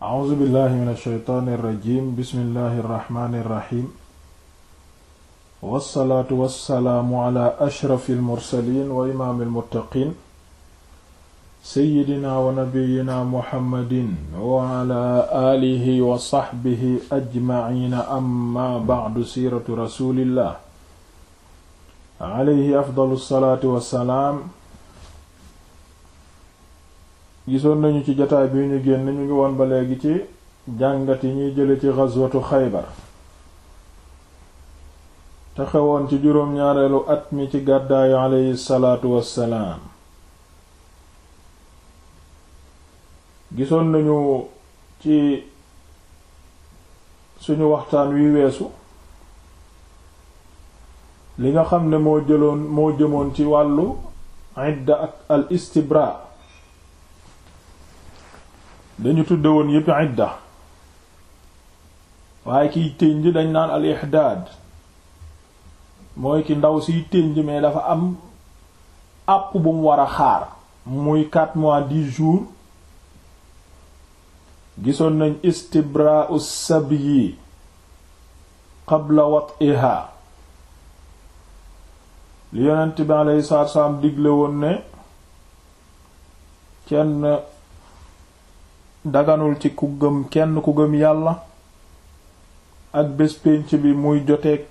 a'uuzu billahi min ashaytaani irrajim bismillahi irrahmaani irrahim wassalaatu wassalaamu ala ashrafi almursalin wa imaami almuttaqin seyyidina wa nabiyina muhammadin wa ala aalihi wa saxbihi ajmaciina amma bacdu siiratu rasulillah alayhi afdalu salaatu wassalaam gisoon nañu ci jataay bi ñu génn ñu ngi woon ba léegi ci jàngat yi ñuy jële ci ghazwatu Xaybar te xewoon ci juróom-ñaareelu at mi ci gàddaayu aleyhi salaatu wassalaam gisoon nañu ci suñu waxtaan wi weesu li nga xam ne moo jëloon moo jëmoon ci wàllu idda al istibra dañu tudde woon yépp idda waaye kiy tënj dañ naan al ihdaad mooy ki ndaw siy tënj mais dafa am àpp bu mu war xaar muy 4 mois 10 jours gisoon nañ istibra'u sabyi qabla wat'iha li yonent bi alayhi salaatu wa digle woon ne kenn daganul ci ku gëm kenn ku gëm yàlla ak bés pénc bi muy joteeg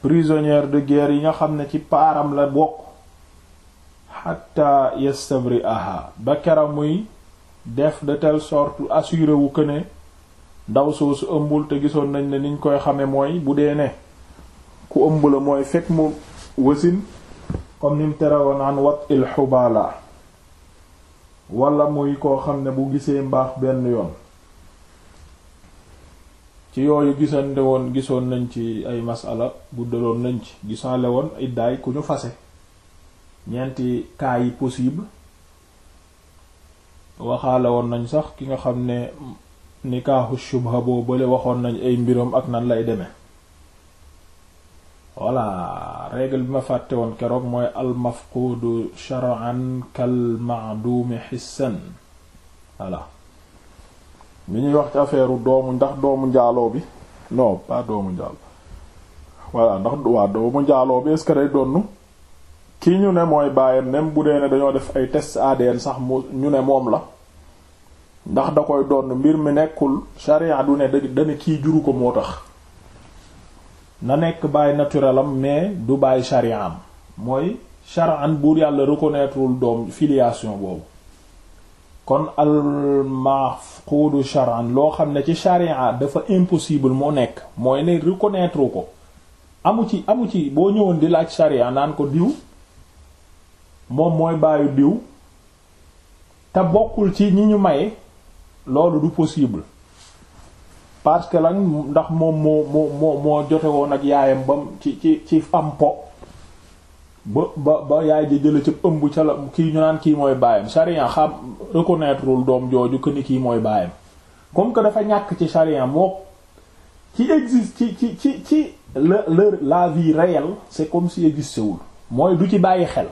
prisonnière de guerre yi nga xam ne ci paaram la bokk xatta yestabri aha ba kera muy def de telle sorte assuré wu que ne ndaw soosu ëmbul te gisoon nañ ne niñ koy xamee mooy bu dee ne ku ëmb la mooy fekk mu wasin comme nim tere woon an wat il xubala wala muy koo xam ne bu gisee mbaax benn yoon ci yooyu gisande woon gisoon nañ ci ay masala guddaloon nañ ci gisaale woon iddaay ku ñu fase ñeenti cas yi possible waxaale woon nañ sax ki nga xam ne nikaahu shubha boo bale waxoon nañ ay mbiram ak nan lay demee voilà voilà bi ma fàtte woon keroog mooy almafqudu shar'an kal ma'dumi hissan voilà bi ñuy wax ci affaire doomu ndax doomu njaaloo bi non pas doomu njaaloo ndax waa doomu njaaloo bi est day donn kii ñu ne mooy bàyyam même bu dee ne dañoo def ay test ADN sax mu ñu ne moom la ndax da koy donn mbir mi nekkul sharia du ne da dana kii juru ko moo tax na nekk baay naturel am mais du baay charia mooy charan buur yàlla reconnaîtrewul doom filiation boobu kon almafquudu charan loo xam ne ci charia dafa impossible moo nekk mooy ne reconnaître ko amu ci amu ci boo ñëwoon di laaj charia naan ko diw moom mooy baayu diw te bokkul ci ñi ñu maye loolu du possible parce que lan ndax moom moo moo moo moo jote woon ak yaayam bam ci ci ci am po ba ba ba yaay ji jëla ci ëmb ca la kii ñu naan kii mooy baayam charian xam reconnaîtreul doom jooju que kii mooy baayam comme que dafa ñàkk ci charian moo ci existe ci ci ci ci la la vie réelle c'est comme si existewul mooy du ci bàyyi xel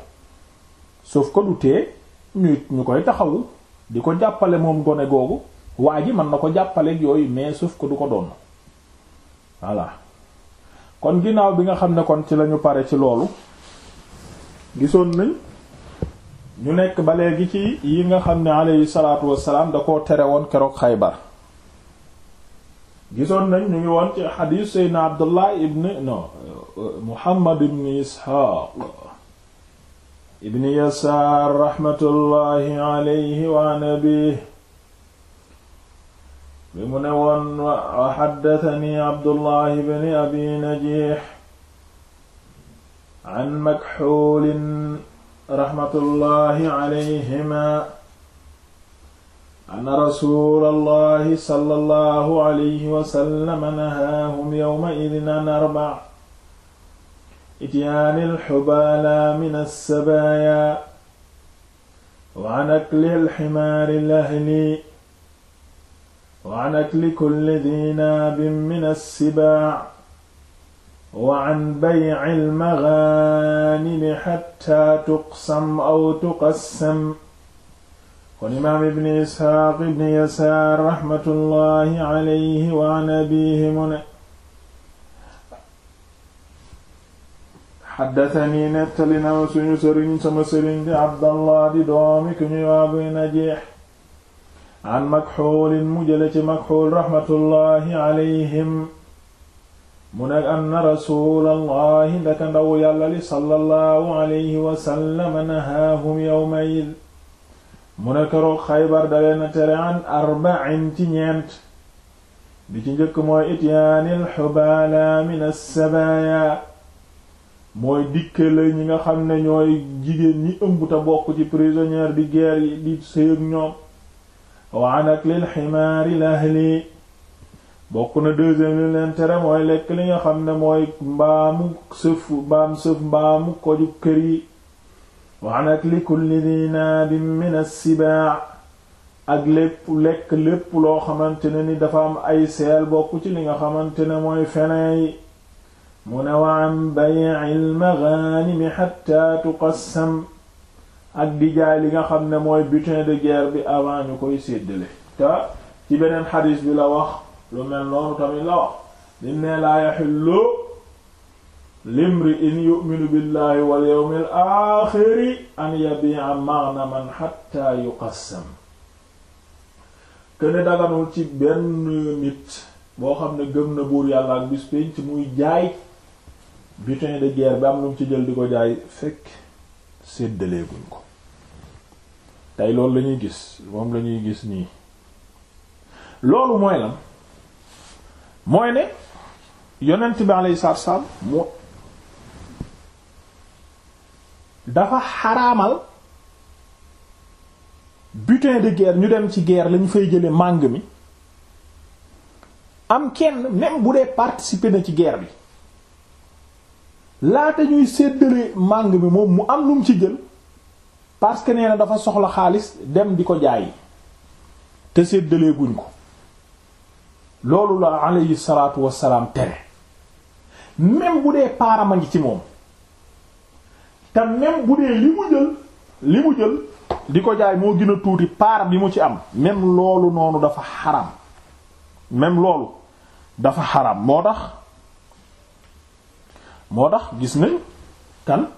sauf que du tee ñu ñu koy taxawu di ko jàppale moom gone googu waa ji mën na ko jàppale yooyu mais suuf ko du ko doon voilà kon ginnaaw bi nga xam ne kon ci lañu pare ci loolu gisoon nañ ñu nekk ba léegi ci yi nga xam ne alayhi salaatu wassalaam da koo tere woon keroog xaybar gisoon nañ ñu ngi woon ci xadiis seydna abdullah ibn no muhammad ibn isxaaq ibn yasaar raxmatullahi alayhi wa nabi bi mu ne woon wa xaddatani abdullah bni abi najiix an makxuulin raxmatullahi alayhima anna rasuulallahi sallallahu alayhi wa sallam nahaahum yawma'idin an arba'a ityaanil xubaala mina sabaaya wa an aklil ximaaril ahli wa an akli kulli dhi naabin min as-sibaa' wa an bay'il maghanim hatta tuqsam aw tuqassam kon imaam ibn isxaaq ibn yasaar raxmatullahi alayhi wa an abiihi mu ne xaddatani nettali na suñu sëriñ sama sëriñ di abdallah di doomi ku ñuy waabuy najeex an Makxuul mu jële ci Makxuul raxmatullaahi alayhim mu ne anna rasuulallahi ndaka ndaw yàlla li sallallahu alayhi wasallama nahaahum yowma id mu ne keroog Xaybar daleena tere an arba'in ci ñeent bi ci njëkk mooy ityaanil xubaala min assabaaya mooy dikke la ñi nga xam ne ñooy jigéen ñi ëmb te bokk ci prisonnière di guerre yi di sëyëg ñoom wa an aklil ximaari lahli bokk na deuxième li leen tere mooy lekk li nga xam ne mooy mbaamu sëf mbaam sëf mbaamu koju kër yi wa an akli di naabin min assibaa ak lépp lekk lépp loo xamante ne ni dafa am ay seel bokk ci li nga xamante ne mooy feneen yi mu ne wa an bay'il maghanimi hatta tuqassam ak di jaay li nga xam ne mooy butin de guerre bi avant ñu koy séddale te ci beneen xadis bi la wax lu mel noonu tamit la wax lim ne laa yaxillu limri in yuminu billahi wal yawmil axiri an yabi'a maghnaman hatta yuqassam kene daganul ci benn nit boo xam ne gëm na buur yàlla ak bis pénc muy jaay butin de guerre bi am lu mu ci jël di ko jaay fekk séddaleeguñ ko tey loolu lañuy gis moom lañuy gis nii loolu mooy la mooy ne yonent bi alayhi salaatu salaam moo dafa xaramal butin de guerre ñu dem ci guerre lañu fay jële màng mi am kenn même bu dee participer na ci guerre bi laata ñuy séddale màng mi moom mu am lu ci jël parce que nee na dafa soxla xaalis dem di ko jaayi te séddalee guñ ko loolu la alayhi salaatu wassalaam tere même bu dee paaram a ngi ci moom te même bu dee li mu jël li mu jël di ko jaay moo dina tuuti paar bi mu ci am même loolu noonu dafa xaram même loolu dafa xaram moo tax moo tax gis nañ kan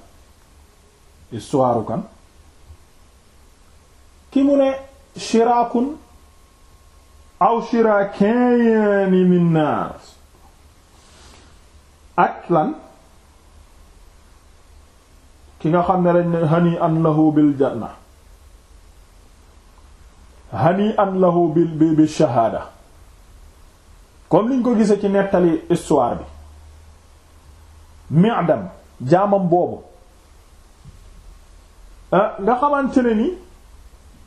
histoire kan ki mu ne shiraakun aw shiraakeeni min naas ak ki nga xam ne dañ ne hani am lahu bil janna hani an lahu bil bi bi shahaada comme liñ ko gisee ci nettali histoire bi mi'dam jaamam boobu eh, nga xamante ne ni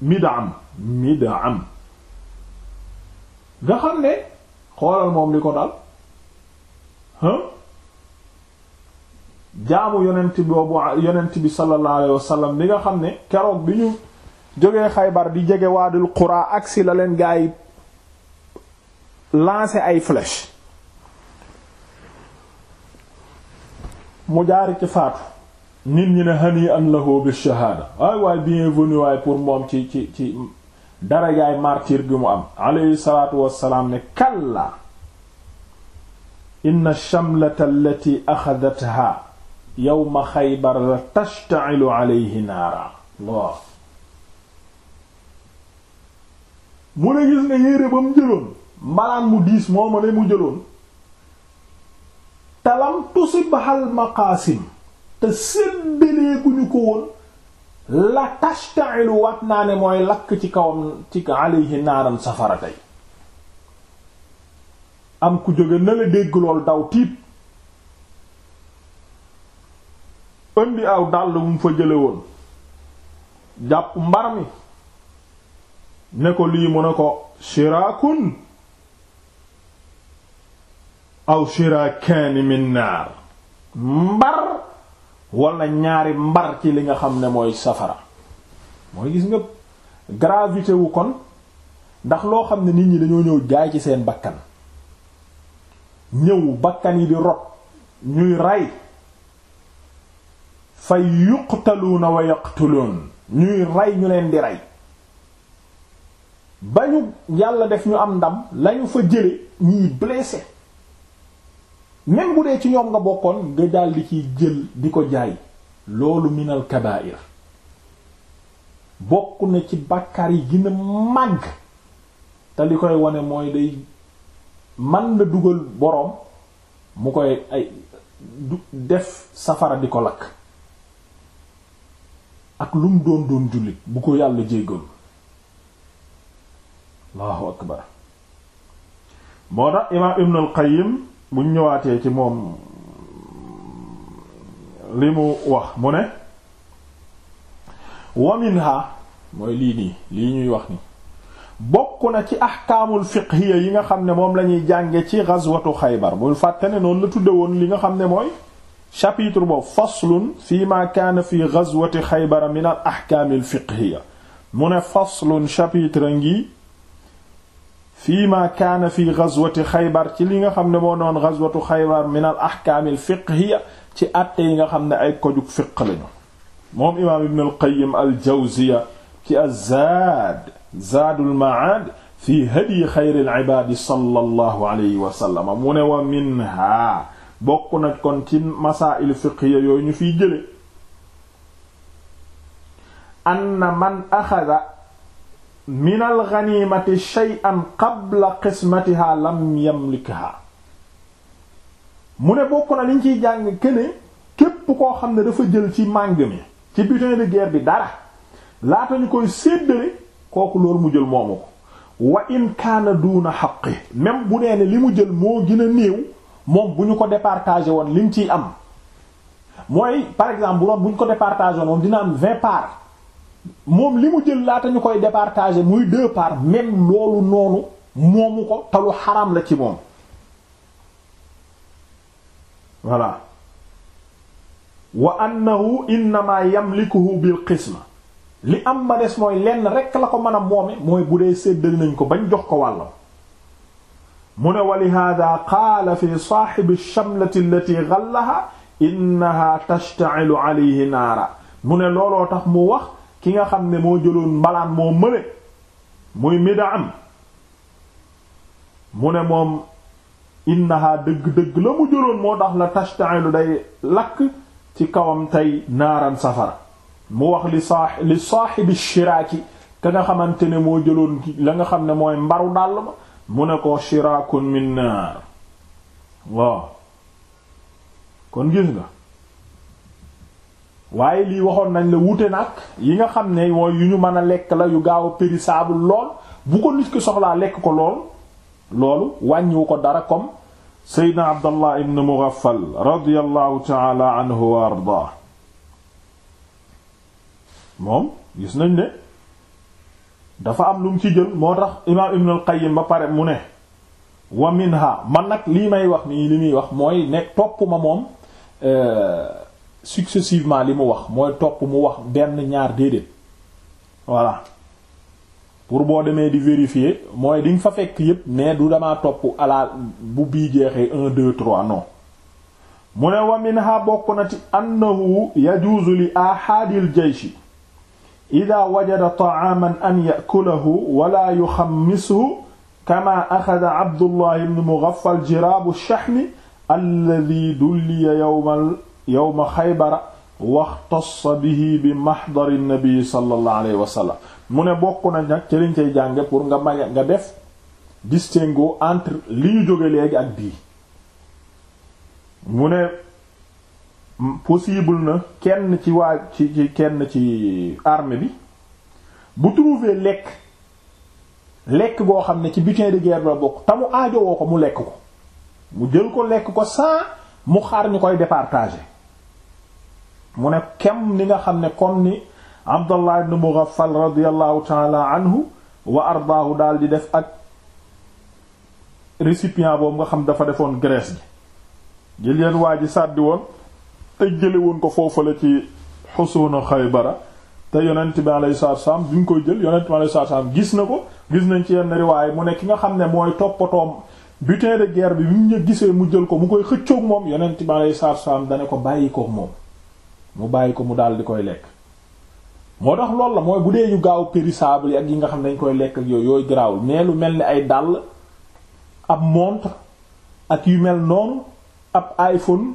midam midam nga xam ne xoolal moom li ko dal jaamu yonent boobu yonent bi sallallahu alayhi wasallam li nga xam ne keroog bi ñu jógee xaybar di jege waadul xuraa agsi la leen gaa yi lancer ay flèche mu jaari ci faatu nit ñi ne hani an lahu bi shahaada waay waay bienvenue waay pour moom ci ci ci dara yaay martyr mu am alayhi salaatu wassalaam ne kallaa inna shamlata allati axadatha yawma xaybar la tashta'ilu alayhi naara mu ne gis nga yére ba mu jëloon mbalaan mu diis moo ma ne mu jëloon talam tusibhal maqaasim te séddalee guñu ko woon la tashta'ilu waat naa ne mooy lakk ci kawam ci alayhi naaran safara tey am ku jóge na la dégg lool daw tiit indi aw dàll mu fa jële woon jàpp mbar mi ne ko lii mu ne ko shiraakun aw shiraakaani min mbar wala ñaari mbar ci li nga xam ne mooy safara mooy gis nga gravité wu kon ndax loo xam ne nit ñi dañoo ñëw jaay ci seen bakkan ñëw bakkan yi di rot ñuy rey fa yuqtaluuna wa yaqtuluun ñuy rey ñu leen di rey ba ñu yàlla def ñu am ndam lañu fa jële ñiy blessé même bu dee ci ñoom nga bokkoon nga daal di ciy jël di ko jaay loolu minal kabaa'ir bokk na ci bàkkaar yi gën a te li koy wane mooy day man la dugal boroom mu koy ay def safara di ko lakk ak lu mu doon doon jullit bu ko yàlla jéggalu allahu akbar moo tax imaam ibn al bu ñëwaatee ci moom li mu wax mu ne wa minha mooy lii nii lii ñuy wax ni bokk na ci ahkaamul fiqhiya yi nga xam ne moom la ñuy jànge ci ghazwatu xaybar bul fàtte ne noonu la tudde woon li nga xam ne mooy chapitre boobu faslun fi ma kaana fi ghazwati xaybara min al ahkaamil fiqhiya mu ne faslun chapitre ngi fii ma kaana fi ghazwati xaybar ci li nga xam ne moo doon ghazwatu xaybar min al ahkaam al fiqhiyya ci àtte yi nga xam ne ay kojug fiq lañu moom imaam ibn al qayyim al jawziya ci az-zaad zaadul ma'aad fi hadyi xayril ibaad sallallahu alayhi wa sallam mu ne wa minha bokk na kon ci masaa'il fiqhiyya yooyu ñu fiy jële anna man axada min al ghanimati shay'an qabla qismatiha lam yamlikha mu ne bokk na liñ ciy jàng kene képp koo xam ne dafa jël ci màng mi ci butin de guerre bi dara laata ñu koy séddale kooku loolu mu jël moomu ko wa in kaana duuna même bu nee ne li mu jël moo gën a néew moom bu ñu ko départagé woon liñ ciy am mooy par exemple bu doon bu ñu ko départagé woon moom dina am vingt moom li mu jël laata ñu koy départager muy deux parts loolu noonu moomu ko talu xaram la ci moom voilà wa annahu innama yamlikuhu bil qisma li am ba des mooy lenn rekk la ko mën a moome mooy bu dee séddal nañ ko bañ jox ko wàllam mu ne wa lihaada qaala fi saaxibi shamlati allati ghallaha innaha tashta'ilu alayhi naara mu ne looloo tax mu wax ki nga xam ne moo jëloon mbalaan moo mëne muy am mu ne moom innaha dëgg-dëgg la mu jëloon moo tax la tashta'ilu day lakk ci kawam tey naaram safara mu wax li saa li saaxibi shiraaki ka nga xamante ne moo jëloon la nga xam ne mooy mbaru dàll ma mu ne ko shiraakun min naar waaw kon gis nga waaye lii waxoon nañ la wuute nag yi nga xam ne mooy yu ñu mën a lekk la yu gaaw a périssable lool bu ko nit ki soxlaa lekk ko lool loolu wàññiwu ko dara comme seydna abdallah ibn mughaffal radiyallahu taala anhu wa ardaa moom gis nañ ne dafa am lu mu ci jël moo tax imaam ibn al qayyim ba pare mu ne wa minha man nag lii may wax nii li muy wax mooy ne topp ma moom euh, successivement li mu wax mooy topp mu wax benn ñaar déedéet voilà pour boo demee di vérifier mooy di fa fekk yépp mais du damaa topp ala bu bii jeexee un deux trois non mu ne wa minha bokk na ci annahu yajuuzu li ahaadil jayshi ida wajada ta'aaman an ya'kulahu wala yuxammisuhu kama axada abdullah ibn mughaffal jiraabu shahmi alladi dulliya yawmal yow yawma xaybara waxtassa bihi bi mahdari nabi sallallahu alayhi wa sallam mu ne bokk na nag ci liñ cay pour nga maye nga def distinguo entre li ñu jóge léegi ak bii mu ne possible na kenn ci waa ci ci kenn ci armée bi bu trouver lekk lekk goo xam ne ci butin de guerre la bokk te mu aajowoo ko mu lekk ko mu jël ko lekk ko sans mu xar ñu koy départager mu ne kem ni nga xam ne comme ni Abdallah ibn Mughaffal radiyallahu taala anhu wa ardaahu daal di def ak récipient boobu nga xam dafa defoon graisse gi jël yenn waa ji sàddi woon te jële woon ko foofu la ci xusuuna Xaybara te yonent bi alayhi salaatu wassalaam bi ñu koy jël yonent bi alayhi salaatu wassalaam gis na ko gis nañ ci yenn riwaay mu ne ki nga xam ne mooy toppatoom butin de guerre bi bi mu ñu gisee mu jël ko mu koy xëccoog moom yonent bi alayhi salaatu wassalaam dana ko bàyyi koog moom mu bàyyi ko mu daal di koy lekk moo tax loolu la mooy bu dee yu gaaw périssable yi ak yi nga xam ne dañ koy lekk ak yooyu yooyu garaawul mais lu mel ni ay dàll ab montre ak yu mel noonu ab iPhone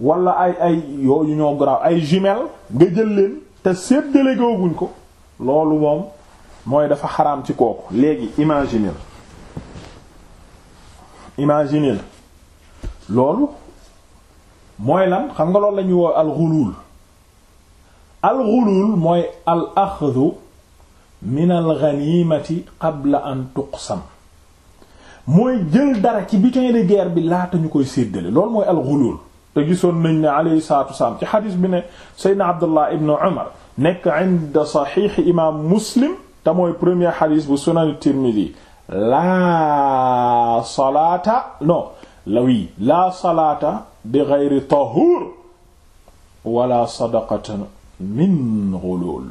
walla ay ay yooyu ñoo garaaw ay jumelle nga jël leen te séddale googuñ ko loolu moom mooy dafa xaraam ci kooku léegi imagineel imagineel loolu mooy lan xam nga loolu la ñuy woo alxuluul alxulul mooy al axdu min al ganimati qabla an tuqsam mooy jël dara ci butin de guerre bi laata ñu koy séddale loolu mooy alxulul te gisoon nañ ne alayhi salaatu wasalaam ci xadis bi ne seydna abdullah ibn umar nekk inda saxiixi imaam muslim te mooy premier xadis bu sunan tirmidi laa salaata non lawi laa salaata bi geyri tahuur wala sadaqatan min ghulul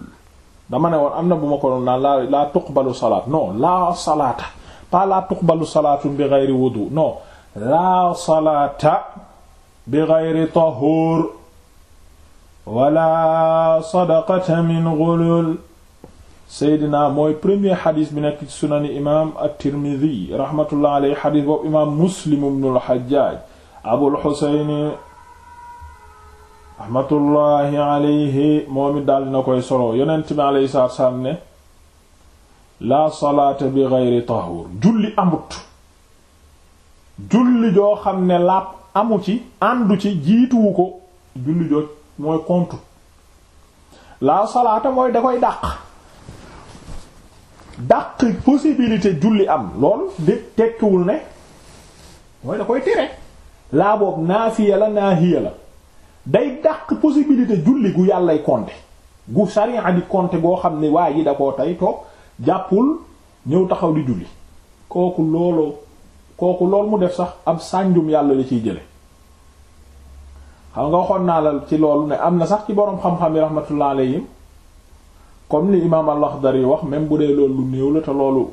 dama ne woon am na bu ma ko doon naan laa laa tuqbalu salaat non laa salaata pas laa tuqbalu salaatu bi ghayri wudu non laa salaata bi ghayri tahuur wala sadaqata min ghulul seydina mooy premier xadis bi nekk ci sunani imaam at-Tirmidhi rahmatullah alayhi xadis boobu imaam Muslim ibn al-Hajjaj Abul Husayn raxmatullaahi alayhi moom daal dina koy solo yonent bi alayhi salaatu wa salaam ne laa salaata bi geyri tahuur julli amut julli joo xam ne laab amu ci àndu ci jiituwu ko julli joo mooy kontu laa salaata mooy da koy dàq dàq possibilité julli am lool di tekkiwul ne mooy da koy tere laa boobu naafiya la naahiya la day dàq possibilité julli gu yàllay compter gu sariya di compter goo xam ne waa gi da koo tey toog jàppul ñëw taxaw di julli kooku looloo kooku lool mu def sax am sànjum yàlla la ciy jële xam nga waxoon naa la ci loolu ne am na sax ci boroom xam-xam yi rahmatullah alayhim comme ni imaam al-Lakhdari wax même bu dee loolu lu néew la te loolu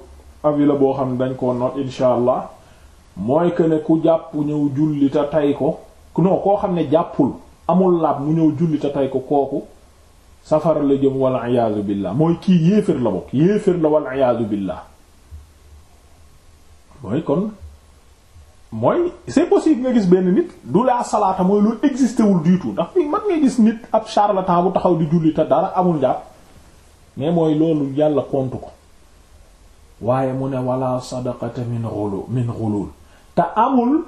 avis boo xam ne dañ koo noot insha allah mooy que ne ku jàpp ñëw julli te tay ko noo koo xam ne jàppul amul laab mu ñëw julli te tey ko kooku safara la jëm walla iyaazu billaah mooy kii yéeféer la bokk yéeféer la walla iyaazu billaah mooy kon mooy c'est possible nga gis benn nit du laa salaata mooy loolu existé wul ndax fii man nga gis nit ab charlatan bu taxaw di julli te dara amul jàpp mais mooy loolu yàlla kontu ko waaye mu ne wala sadaqata min ghulul min ghulul te amul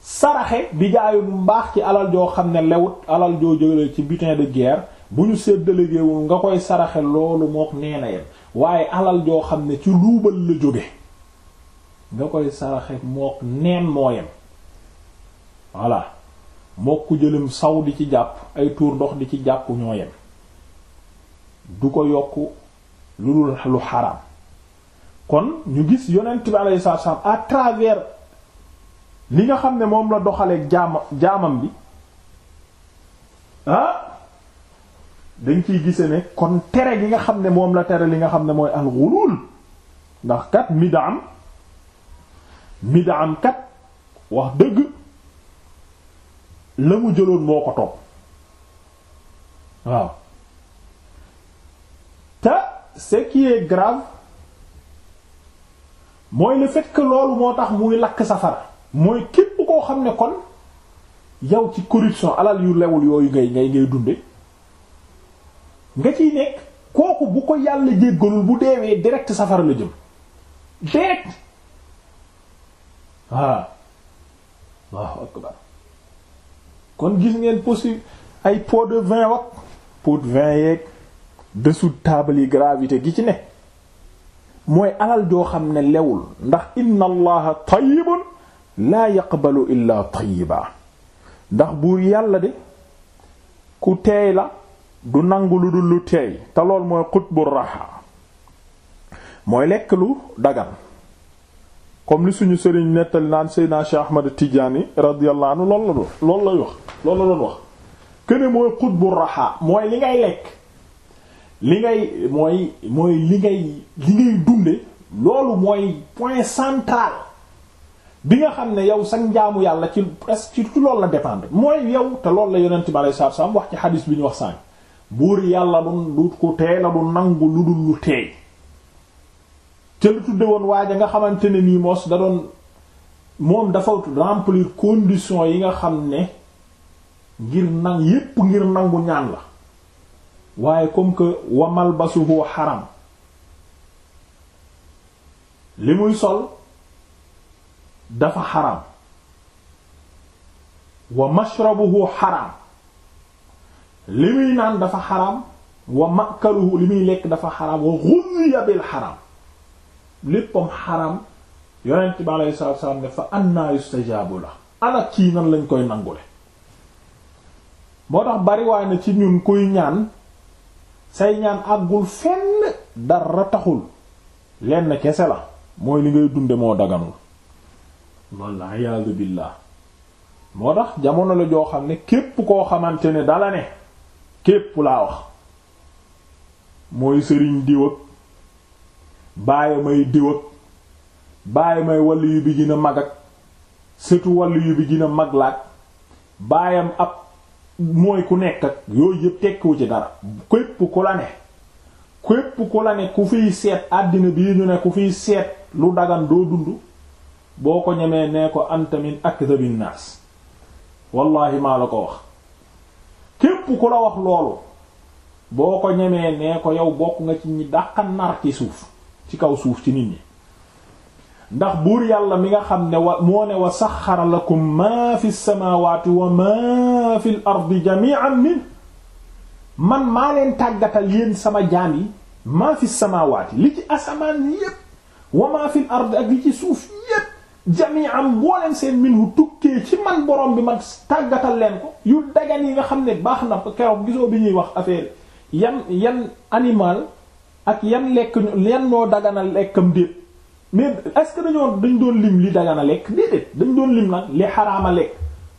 saraxe di jaayu bu mbaax ci alal joo xam ne lewut alal joo jële ci butin de guerre bu ñu séddalegeewul nga koy saraxe loolu mook nee na yem waaye alal joo xam ne ci luubal la jóge nga koy saraxe mook neen moo yem voilà mook jëlim saw di ci jàpp ay tuur ndox di ci jàpp ñoo yem du ko yokk lu dul lu xaraam kon ñu gis yonent bi alayhi salaam à travers li nga xam ne moom la doxalee jaama jaamam bi ah dañ ciy gise ne kon tere gi nga xam ne moom la tere li nga xam ne mooy alxulul ndax kat midaam midaam kat wax dëgg la mu jëloon moo ko topp waaw te ce qui est grave mooy le fait loolu moo tax muy lakk safara mooy képp koo xam ne kon yow ci corruption alal yu lewul yooyu ngay ngay ngay dunde nga ciy nekk kooku bu ko yàlla jéggalul bu deewee direct safara la jëm direct waaw waaw akbar kon gis ngeen possible ay pot de vin wax pot de vin yeeg dessous de table gravité gi ci ne mooy alal joo xam ne lewul ndax inna allaha laa yaqbalu illa tayyiba ndax buur yàlla de ku teey la du nangu lu dul lu teey te lool mooy xutbu raxa mooy lekk lu dagan comme li suñu sëriñ nettali naan Seydina Cheikh Ahmad Tidiane radiyallahu anhu loolu la doon loolu lay wax loolu la doon wax këne mooy xutbu raxa mooy li ngay lekk li ngay mooy mooy li ngay li ngay dunde loolu mooy point central bi nga xam ne yow sax njaamu yàlla ci est ci la dépendre mooy yow te lool la yonent bi alei sam wax ci xadis bi ñu wax sànq buur yàlla du du ku teey la du nangu lu dul lu teey te lu tudde woon waaja nga xamante ne nii moos da doon moom dafa remplir condition yi nga xam ne ngir nang yépp ngir nangu ñaan la waaye comme que wamal basuhu xaram li muy sol dafa xaram wa mashrabuhu xaraam li muy naan dafa xaram wa makaluhu li muy lekk dafa xaraam wa ghudhiya bil xaraam léppam xaraam yonent bi alayhi salaatu salaam ne fa anna yustajaabu la ana kii nan lañ koy nangule moo tax bariwaay na ci ñun kuy ñaan say ñaan àggul fenn dara taxul lenn kese la mooy li ngay dunde moo daganul walla iyaadu billaah moo tax jamono la joo xam ne képp koo xamante ne dala ne képp laa wax mooy sëriñ diw ak bàyyi may diw ak bàyyi may wàllu yu bi gën mag ak surtout wàllu yu bi gën mag laaj baayam ab mooy ku nekk ak yooyu yëpp tekkiwu ci dara képp ku la ne képp ku la ne ku fiy seet àddina bii ñu ne ku fiy seet lu dagan doo dund boo ko ñemee ne ko anta min akdabin naas wallahi maa la ko wax képp ku la wax loolu boo ko ñemee nee ko yow bokk nga ci ñi dàqa nar ci suuf ci kaw suuf ci nit ñi ndax buur yàlla mi nga xam ne wa moo ne wa sax lakum maa fi samaawaati wa maa fi l ardi jami'an min man maa leen tàggatal yéen sama jaam yi maa fi samaawaati li ci asamaan yépp wa maa fi ardi ak li ci suuf yépp jami'an mbooleen seen minhu tukkee ci man borom bi man tàggatal leen ko yu dagan yi nga xam ne baax na ko keroog gisoo bi ñuy wax affaire yan yan animal ak yan lekk leen ñoo dagana lekkam déet mais est que dañoo dañ doon lim li dagana lekk déedéet dañ doon lim nag li xaraama lekk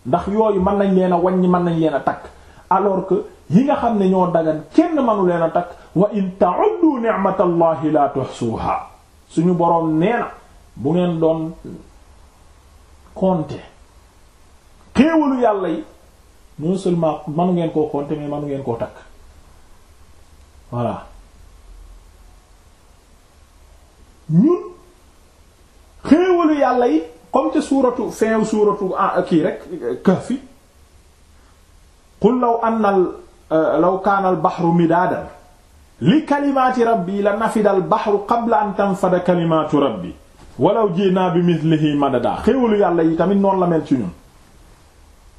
ndax yooyu man nañ leen a wàññi mën nañ leen a takk alors que yi nga xam ne ñoo dagan kenn mënu leen a takk wa in ta'uddu ni'matallahi la tuhsuha suñu boroom nee na bu ngeen doon compter xéewalu yàlla yi non seulement manu ngeen koo compter mais manu ngeen koo takk yàlla yi comme suuratu fin suuratu ah, kii rek Kahfi qul law anna euh, law kaana al baxru midaadan li kalimaati rabbi la nafida al baxru qabla an tanfada kalimaatu rabbi walaw jiinaa bi mislihi madada xéewalu yàlla yi tamit noonu la mel ci ñun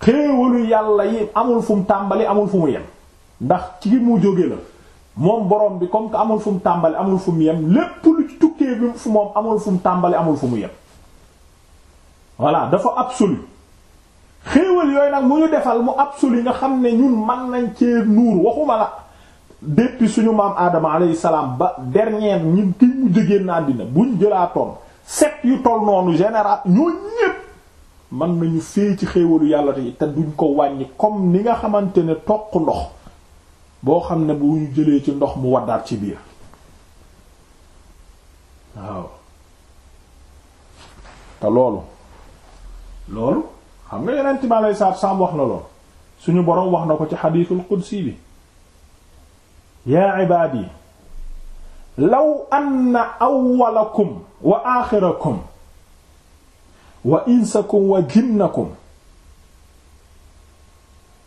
xéewalu yàlla yi amul fu tàmbali amul fu yem ndax ci mu jóge la moom borom bi comme tàmbali amul fu mu yem lépp lu ci tukkee bi fu moom amul fu tàmbali amul fu mu yem voilà dafa absolu xéewal yooyu nag mu ñu defal mu absolu nga xam ne ñun man nañ cee nuur waxuma la depuis suñu maam aadama alayhi salaam ba dernier ñun ki mu jógee na àddina buñ jëlaatoon set yu toll noonu général ñoo ñépp mën nañu fee ci xéewalu yàlla te te duñ ko wàññi comme ni nga xamante ne toq ndox boo xam ne bu ñu jëlee ci ndox mu waddaat ci biir waaw te loolu loolu xam nga yeneen time alay saab saam wax na lool suñu boroom wax na ko ci xadiisul qudsi bi yaa yi law anna awwalakum wa aaxirakum wa insakum wa jinnakum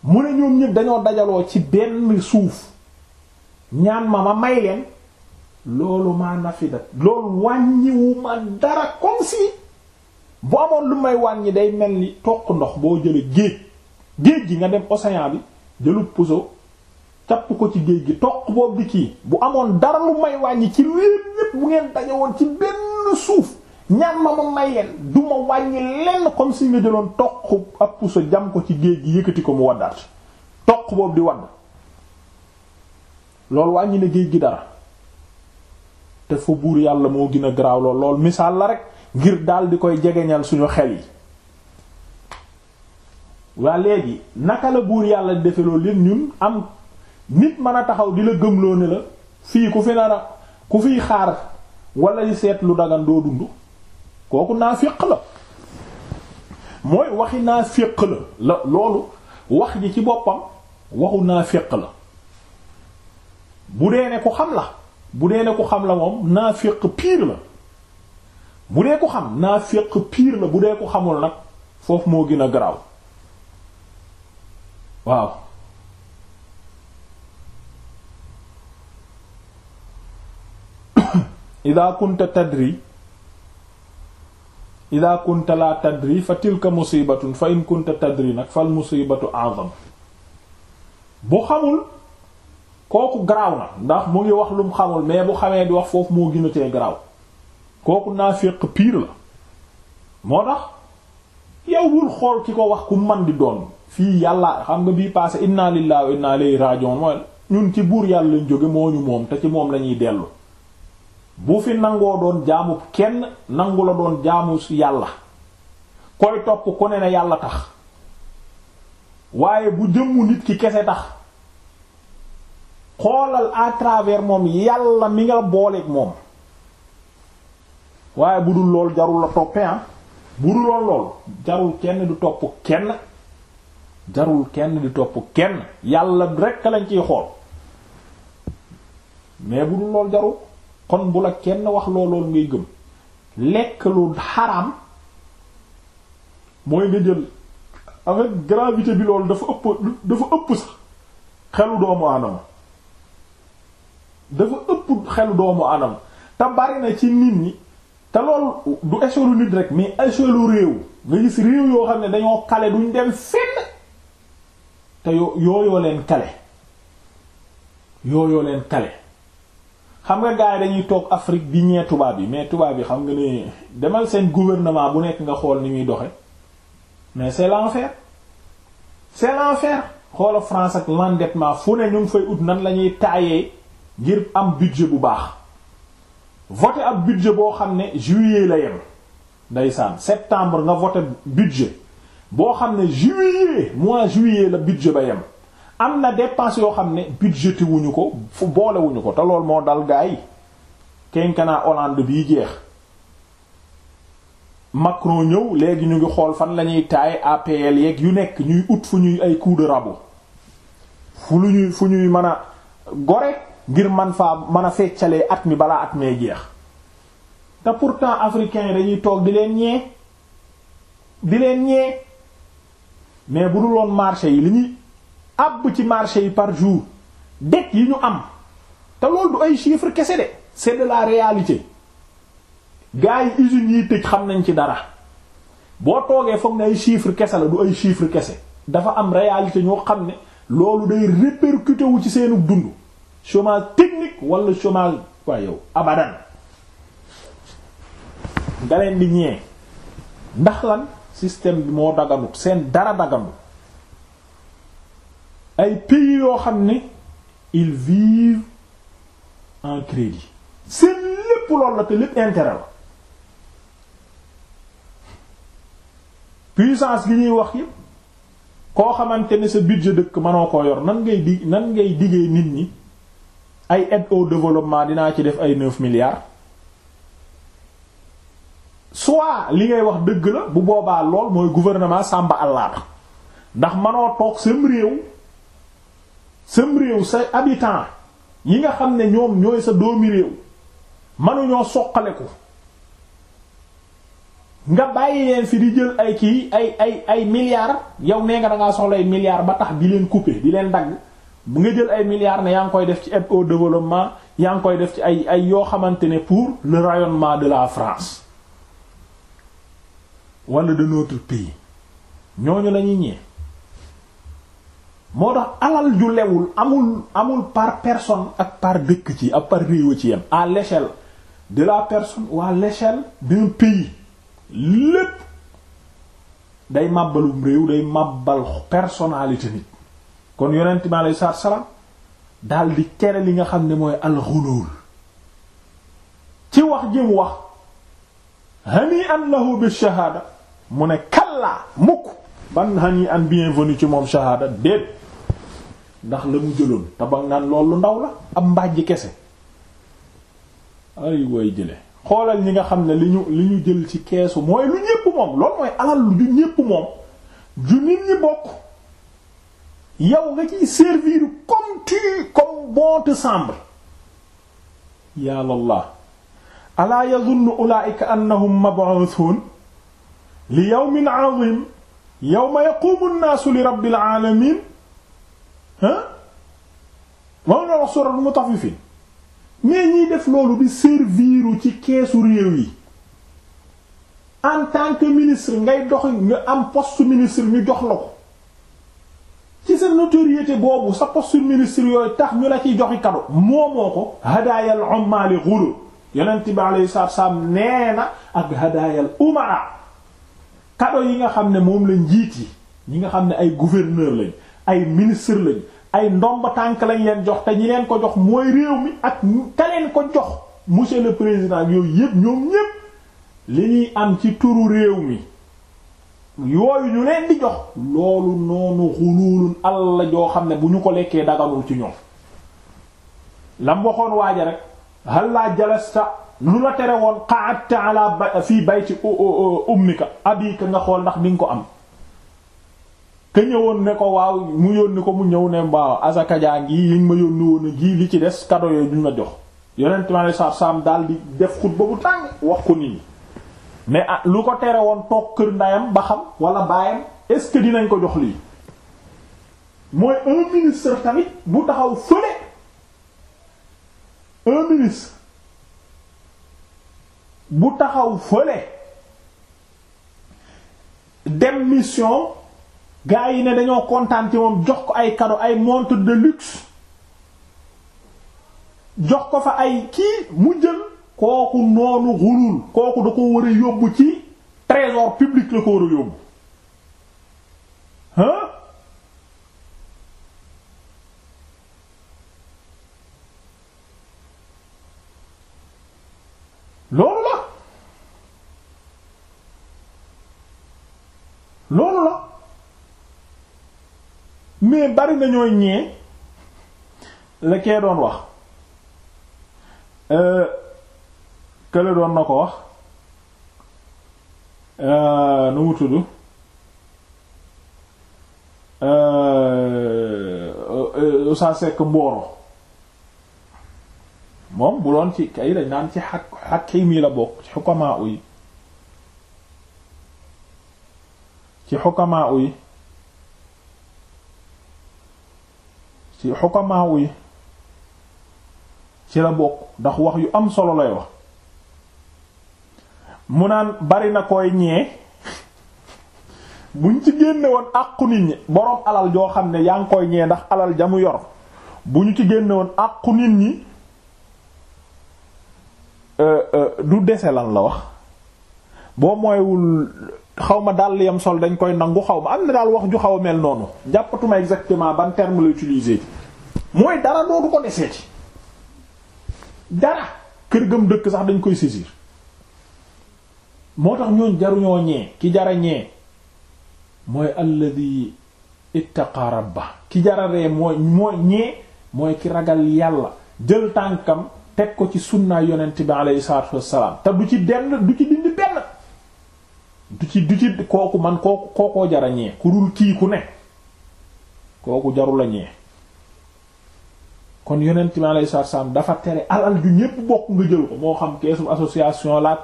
mu ne ñoom ñi dañoo dajaloo ci benn suuf ñaan ma ma may leen loolu maa nafidat loolu wàññiwu ma dara comme si amoon lu may wàññi day mel ni toq ndox boo jële géej géej gi nga dem océan bi jëlu puso capp ko ci géej gi toq boobu di kii bu amoon dara lu may wàññi ci lépp lépp ngeen daje woon ci benn suuf ñaan ma ma may leen du wàññi lenn comme si nga jëloon toq ab puso jam ko ci géej gi yëkkati ko mu waddaat toq boobu di wadd loolu wàññi ne géej gi dara te fa buur yàlla moo gën a garaaw lool lool misaal la rek ngir daal di koy jegeñal suñu xel yi waa léegi naka la buur yàlla defe loolu lépp ñun am nit mën a taxaw di la gëmloo ne la fii ku fi nara ku fiy xaar walla di seet lu dagan doo dund kooku naafiq la mooy waxi naafiq la la loolu wax ji ci boppam waxu naa féq la bu dee ne ku xam la bu dee ne ku xam la moom naafiq pire la bu dee ku xam féq pire la bu dee ku xamul nag foofu moo gën a garaaw waaw ida kunta tadri ida kunta la tadri fa tilka musibatun fa in kunta tadri nag fal musibatu azam bu xamul kooku garaaw na ndax mu ngi wax lum xamul mais bu xamee di wax foofu moo gën a tee garaaw kooku naafiq pire la moo tax yow bul xool ki ko wax ku man di doon fii yàlla xam nga bii passé inna lillahi wa inna ilayhi raji'un mooy ñun ci buur yàlla lañ jóge moo ñu moom te ci moom lañuy dellu bu fi nangoo doon jaamu kenn nangu la doon jaamu si yàlla koy topp ku ne ne yàlla tax waaye bu jëmmu nit ki kese tax xoolal à travers moom yàlla mi nga booleeg moom waaye bu dul lool jarul la toppee ah bu dul lool lool jarul kenn di topp kenn jarul kenn di topp kenn yàlla rekk lañ ciy xool mais bu dul lool jarul kon bu la kenn wax loolool ngay gëm lekk lu xaraam mooy nga jël avec gravité bi loolu dafa ëpp dafa ëpp sax xelu doomu aadama dafa ëpp xelu doomu aadama te bari na ci nit ñi te loolu du échelle nit rek mais échelle réew nga gis réew yoo xam ne dañoo kale duñ dem fenn te yoo yooyoo leen kale yooyoo leen kale xam nga gars yi dañuy toog Afrique di ñee tubaab yi mais tubaab yi xam nga ni demal seen gouvernement bu nekk nga xool ni muy doxe mais c'est l'enfer c'est l'enfer xoola France ak l'endettement fu ne ñu ngi fay ut nan la ñuy taayee ngir am budget bu baax voté ab budget boo xam ne juillet la yem ndeysaan septembre nga voté budget boo xam ne juillet mois juillet la budget ba yem am na dépense yoo xam ne budgété wuñu ko fu boolewuñu ko te lool moo dal gaa yi kenkanaa Hollande bii jeex Macron ñëw léegi ñu ngi xool fan lañuy taay APL yeeg yu nekk ñuy ut fu ñuy ay coup de rabot fu lu ñuy fu ñuy mën a gore ngir man faa mën a feccalee at mi balaa at mee jeex te pourtant africain yi dañuy toog di leen ñee di leen ñee mais bu dul woon yi li ñuy àbb ci marché yi par jour dëkk yi ñu am te loolu du ay chiffres kese de c'est de la réalité gars yi usines yi tëj xam nañ ci dara boo toogee foog ne ay chiffres kese la du ay chiffres kese dafa am réalité ñoo xam ne loolu day répercuté wu ci seenu dund chômage technique wala chômage quoi yow abadan nga leen di ndax lan système bi moo daganut seen dara daganut ay pays yoo xam ne ils vivent en crédit seen lépp lool la te lépp intérêt la puissance li ñuy wax yépp koo xamante ne sa budget dëkk mënoo ko yor nan ngay di nan ngay diggee nit ñi ay aide au développement dinaa ci def ay neuf milliards soit li ngay wax dëgg la bu boobaa lool mooy gouvernement sàmba àllaata ndax mënoo toog sam réew sam réew say habitant yi nga xam ne ñoom ñooy sa doomi réew mënuñoo soqale ko nga bàyyi leen fi di jël ay kii ay ay ay milliards yow nee nga da ngaa soxla ba tax di leen couper di leen dagg bu nga jël ay milliards ne yaa ngi koy def ci aide au développement yaa ngi koy def ci ay ay yoo xamante ne pour le rayonnement de la France wala de notre pays ñooñu la ñuy ñee moo tax alal ju lewul amul amul par personne ak par dëkk ci ak par réew ci yem à l'échelle de la personne ou à l'échelle d'un lépp day màbbalum réew day màbbal personnalité nit kon yonent bi aleyhi salaatu salaam daal di tere li nga xam ne mooy alxulul ci wax ji wax hani an lahu bi mu ne kallaa mukk ban hani an bienvenue ci moom shahada déet ndax la mu jëloon tabag loolu ndaw la ab mbàjj kese ay way jële xoolal ñi nga xam ne li ñu li ñu jël ci keesu mooy lu ñépp moom loolu mooy alal lu ñépp moom ju nit ñi bokk yow nga ciy servir comme tu comme bon te yàllallah alaa yazunnu ulaa'ika annahum mab'uthun li yawmin 'azim yawma yaqumu nnaasu li rabbil alamin ah moom la wax suratul mutaffifin mais ñiy def loolu di serviru ci keesu réew yi en tant que ministre ngay dox nga am poste ministre ñu jox la ko ci sa notoriété boobu sa poste ministre yooyu tax ñu la ciy joxi kado moomoo ko hadaayal ummaali ghulul yonent bi alayhi salaam nee na ak hadaayal umara kado yi nga xam ne moom la njiit yi ñi nga xam ne ay gouverneur lañ ay ministre lañ ay ndomba tànk lañ leen jox te ñi leen ko jox mooy réew mi ak ka leen ko jox monsieur le président yooyu yëpp ñoom ñépp li ñuy am ci turu réew mi yooyu ñu leen di jox loolu noonu xuluulun alla joo xam ne bu ñu ko lekkee daganul ci ñoom la waxoon waaja rek hal laa jalasta lu la tere woon qa'adta ala fii bayti ummika abika nga xool ndax di nga ko am ka ñëwoon ne ko waaw mu yónni ko mu ñëw ne waaw asaka jaa ngi yi nga ma yónni woon a ji li ci des kado du duñ la jox yonent ma sa saam daal di def xutba bu tàng wax ko nit ñi mais ah, lu ko tere woon toog kër ndayam ba xam wala baayam est-ce que dinañ ko jox lii mooy un ministre tamit bu taxaw fële un ministre bu taxaw fële dem mission gaa yi ne dañoo kontaan ci moom jox ko ay cadeau ay montre de luxe jox ko fa ay kii mu jël kooku noonu xulul kooku da ko war a yóbbu ci trésor public la ko war yóbbu loolu la mais bari na ñooy ñee la doon wax euh, kële doon na ko wax euh, nu mu tudd euh, sa sekk mbooro moom bu doon ci kay dañ naan ci xaq xaq yi mii la bokk ci xukamaa uy ci xukamaa yi ci xukamaa yi ci la bokk ndax wax yu am solo lay wax mu naan bari na koy ñee buñ ci génne àqu nit ñi boroom alal joo xam ne yaa ngi koy ñee ndax alal jamu mu yor bu ñu ci génne woon àqu nit ñi euh, euh, du dese lan la wax boo moywul xaw ma dàll yam sol dañ koy nangu xaw ma am na daal wax ju xaw a noonu jàppatuma exactement ban terme la utiliser mooy dara doodu ko deseeti dara kër gëm dëkk sax dañ koy saisir moo tax ñooñ jaruñoo ñee ki jara ñee mooy alladi ittaqa ba ki jara ree mooy mooy ñee mooy ki ragal yàlla jël tànkam teg ko ci sunnaay yonent bi alayhi salaatu wassalaam te du ci denn ci du ci du ci kooku man kooku kookoo jara ñee ku dul kii ku ne kooku jaru la kon yonent mi alayhi salaatu salaam dafa tere alal ju ñépp bokk nga jël ko moo xam keesu association laat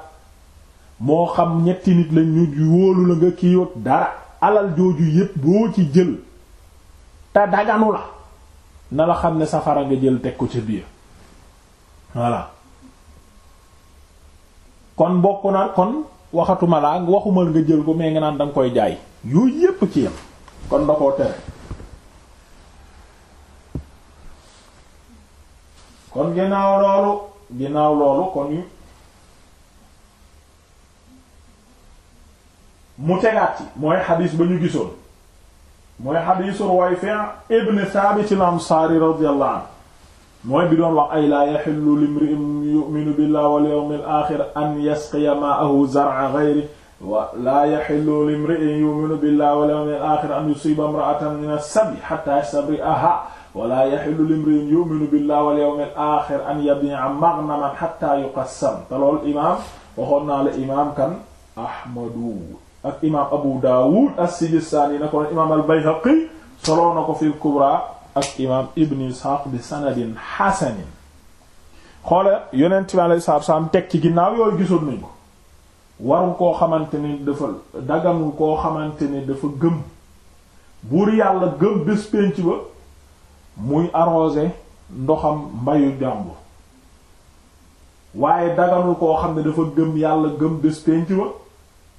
moo xam ñetti nit lañu ñu wóolu la nga kii wag dara alal jooju yépp boo ci jël te daganu la na la xam ne safara nga jël teg ko ca biir voilà kon bokk na kon waxatuma laa waxumal nga jël ko mais nga naan danga koy jaay yooyu yépp ci yam kon da koo tere kon ginnaaw loolu ginnaaw loolu kon mu tegaat ci mooy xadiis ba ñu gisoon mooy xadiisu Ruwayfi' ibn Saabit al-Ansaari radiyallahu anhu mooy bi doon wax ay laa yaxillu limri'in yu'minu billahi wal yawmil aaxir an yasqiya maa'ahu zar'a ghayrihi wa laa yahillu limri'in yu'minu billahi wal yawmil aaxir an yusiiba imra'atan min as-sabi hattaa yastabri'ahaa wa laa yahillu limri'in yu'minu billahi wal yawmil aaxir an yabii'a maghnaman hattaa yuqassam te lool imaam waxoon naa la imaam kan Ahmadu ak imaam Abu Daawud as-Sijistaani na ko imaam al-Bayhaqi solo na ko fil Kubra ak imaam Ibn Isxaaq bi sanadin hasanin xoola yonent bi alayhi salaatu salaam teg ci ginnaaw yooyu gisoon nañ ko waru koo xamante ni dafa daganul koo xamante ni dafa gëm buur yàlla gëm bés pénc ba muy arrosé ndoxam mbayu jàmbur waaye daganul koo xam ne dafa gëm yàlla gëm bés pénc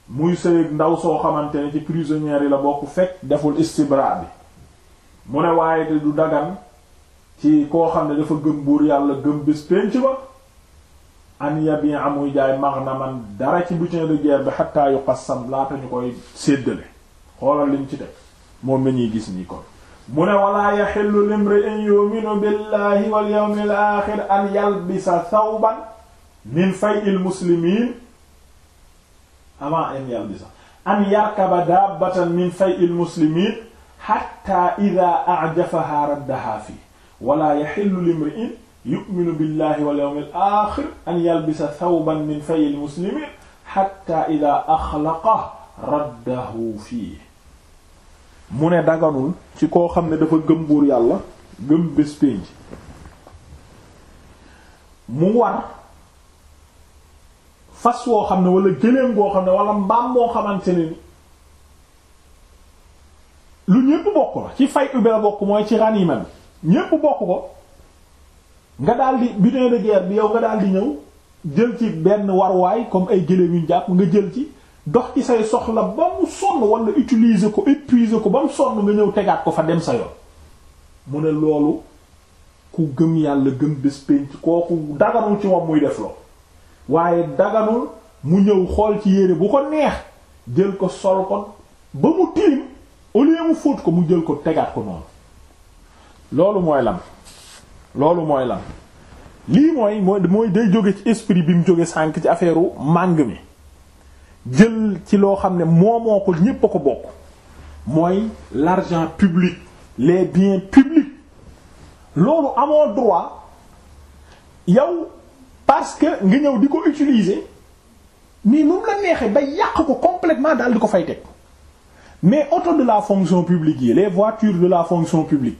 muy sëyeg ndaw soo xamante ne ci prisonnière yi la bokk fekk deful istibra bi mu ne waaye du dagan ci koo xam ne dafa gëm buur yàlla gëm bis pénc ba an yabi amuy jaay maghnaman dara ci butin de guerre bi hatta yuqassam laata ñu koy xoolal liñ ci def moom lañuy gis nii kon mu ne walaa yaxillu limri'in yu'minu billahi wal yawmil aaxir an yalbisa thawban min fay'il muslimiin avant an yalbisa an min fay'il muslimiin hatta idha a'jafaha raddaha fii wala yaxillu limri'in yu'minu billahi wal yawmil aaxir an yalbisa thawban min fayyil muslimiin xatta idaa axlaqa raddahu fii mu ne daganul ci koo xam ne dafa gëm buur yàlla gëm bés mu war fas woo xam ne wala gëléem goo xam ne wala mbaam moo xamante ne lu ñépp bokk la ci fay ubbi bokk mooy ci ranima bi ñépp bokk ko nga daal di butin bi yow nga daal di ñëw jël ci benn warwaay comme ay gëléem yuñ jàpp nga jël ci dox ci say soxla ba mu sonn wala utiliser ko épuiser ko ba mu sonn nga ñëw tegaat ko fa dem sa yoon mu ne loolu ku gëm yàlla gën bés pénc kooku daganul ci moom muy def loo waaye daganul mu ñëw xool ci yére bu ko neex jël ko sol ko ba mu tiim au lieu mu fóot ko mu jël ko tegaat ko noonu loolu mooy lan loolu mooy lan lii mooy mooy mooy day jóge ci esprit bi mu jógee sànq ci affaire màng mi jël ci loo xam ne moo ko ñépp a ko bokk mooy l'argent public les biens publics loolu amoo droit yow parce que ngi ñëw di ko utiliser nii moom la neexee ba yàq ko complètement daal di ko fay teg mais auto de la fonction publique yi les voitures de la fonction publique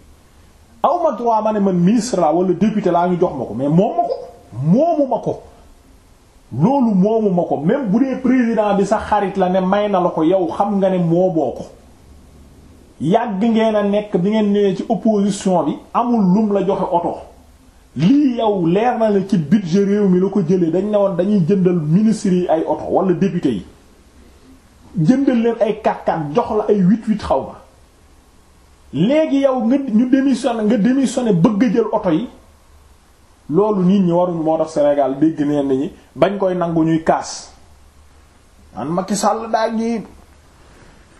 aw ma droit ma ne man ministre la wala député laa ñu jox ma ko mais moom ma ko moomu ma ko loolu moomu ma ko même bu dee président bi sa xarit la ne may na la ko yow xam nga ne moo boo ko yàgg ngeen a nekk bi ngeen ñëwee ci opposition bi amul lum la joxe oto lii yow leer na la ci budget réew mi la ko jëlee dañ ne woon dañuy jëndal ministre yi ay oto wala député yi jëndal leen ay 4 jox la ay 8-8 xaw ma léegi yow nga ñu démissionné nga démissionné bëgg a jël oto yi loolu nit ñi waruñ moo tax Sénégal dégg neen ñi bañ koy nangu ñuy kaas man Macky Sall daa ngi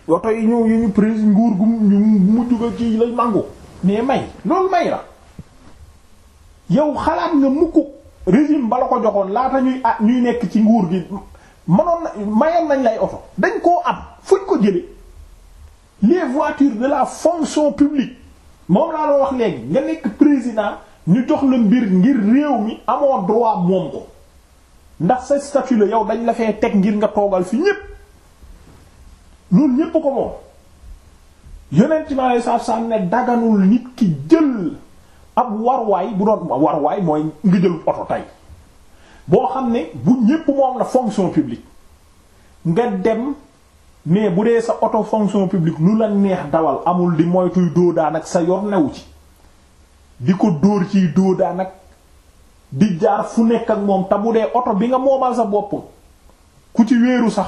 oto yi ñu yu ñu prise nguur gu ñu mujj ko kii lañ nangu mais may loolu may la yow xalaat nga mukk régime bala ko joxoon laata ñuy ah ñuy nekk ci nguur gi mënoon na mayoon nañ lay oto dañ koo am fuñ ko jële les voitures de la fonction publique moom laa doon wax léegi nga nekk président ñu jox la mbir ngir réew mi amoo droit moom ko ndax sa statut la yow dañ la fee teg ngir nga toogal fi ñépp loolu ñépp ko moom yonent mi alei satu ne daganul nit ki jël ab warwaay bu doon warwaay mooy nga jël oto tey boo xam ne bu ñépp moom la fonction publique nga dem mais bu dee sa oto fonction publique nu la neex dawal amul di moytuy doodaan daanak sa yor new ci di ko dóor ciy doodaan ak di jaar fu nekk ak moom te bu dee oto bi nga moomal sa bopp ku ci wéeru sax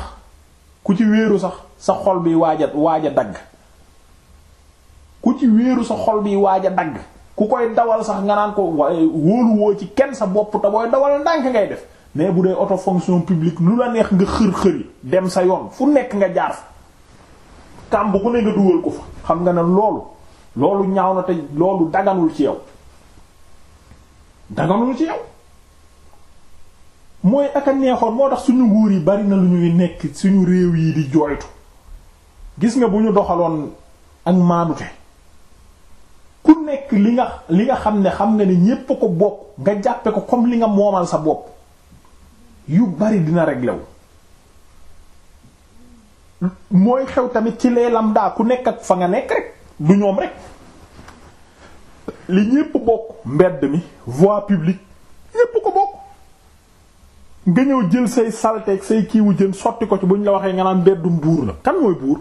ku ci wéeru sax sa xol bi waaja waaja dagg ku ci wéeru sa xol bi waaja dagg ku koy dawal sax nga naan ko wóolu woo ci kenn sa bopp te booy dawal ndànk ngay def mais bu dee oto fonction publique lu la neex nga xër-xëri dem sa yoon fu nekk nga jaar fa kàmb ku ne dugal ko fa xam nga ne loolu loolu ñaaw na te loolu daganul ci yow daganul ci yow mooy ak a neexoon moo tax suñu nguur yi bari na lu ñuy nekk suñu réew yi di jooytu gis nga bu ñu doxaloon ak maanute ku nekk li nga li nga xam ne xam nga ne ñépp a ko bokk nga jàppe ko comme li nga moomal sa bopp yu bari dina réglé wu mooy xew tamit ci les lambda ku nekk ak fa nga nekk rek du ñoom rek li ñépp bokk mbedd mi voie publique ñépp ko bokk nga ñëw jël say salteeg say kiiwu jën sotti ko ci bu ñu la waxee nga naan mbeddum buur la kan mooy buur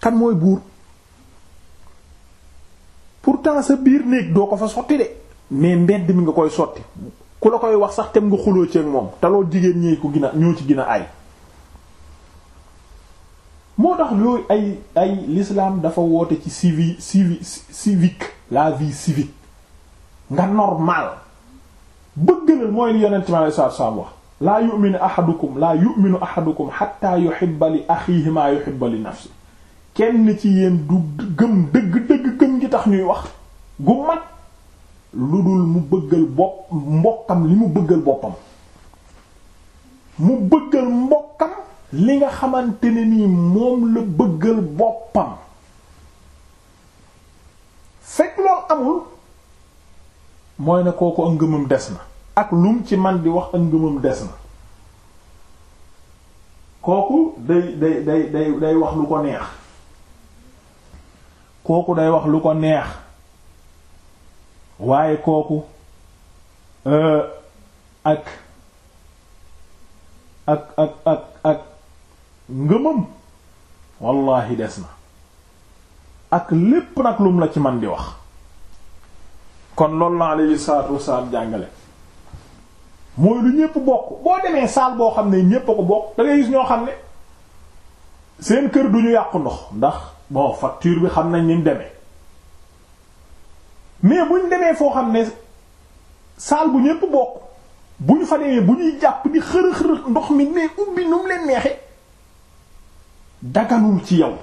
kan mooy buur pourtant sa biir néeg doo ko fa sotti de mais mbedd mi nga koy sotti ku la koy wax sax tem nga xuloo ceeg moom te jigéen ñi ko gina ñoo ci gina ay moo tax yooyu ay ay lislaam dafa woote ci civi civi civique la vie civique nga normal bëggalal mooy li yonent mi alei satu wax laa yuminu ahadukum laa yuminu ahadukum xatta yuhibba li axiihi maa yuhibba nafsi kenn ci yéen du gëm dëgg dëgg gëm gi tax ñuy wax gu mat lu dul mu bëggal bopp mbokkam li mu bëggal boppam mu bëggal mbokkam li nga xamante ne nii moom la bëggal boppam fekk loolu amul mooy ne kooku ak ngëmam des na ak lum ci man di wax ak ngëmam des na kooku day day day day day wax lu ko neex kooku day wax lu ko neex waaye kooku euh, ak ak ak ak ak ngëmam wallahi des na ak lépp nag lum la ci man di wax kon naa la alayhi salaatu wasalaam jàngale mooy lu ñépp bokk boo demee saal boo xam ne ñépp a ko bokk da gis ñoo xam ne seen kër du ñu yàqu ndox ndax bon facture bi xam nañ ni mu mais buñ demee foo xam ne saal bu ñépp bokk bu ñu fa demee bu ñuy jàpp di xërëxërë ndox mi mais ubbi nu mu leen neexe daganul ci yow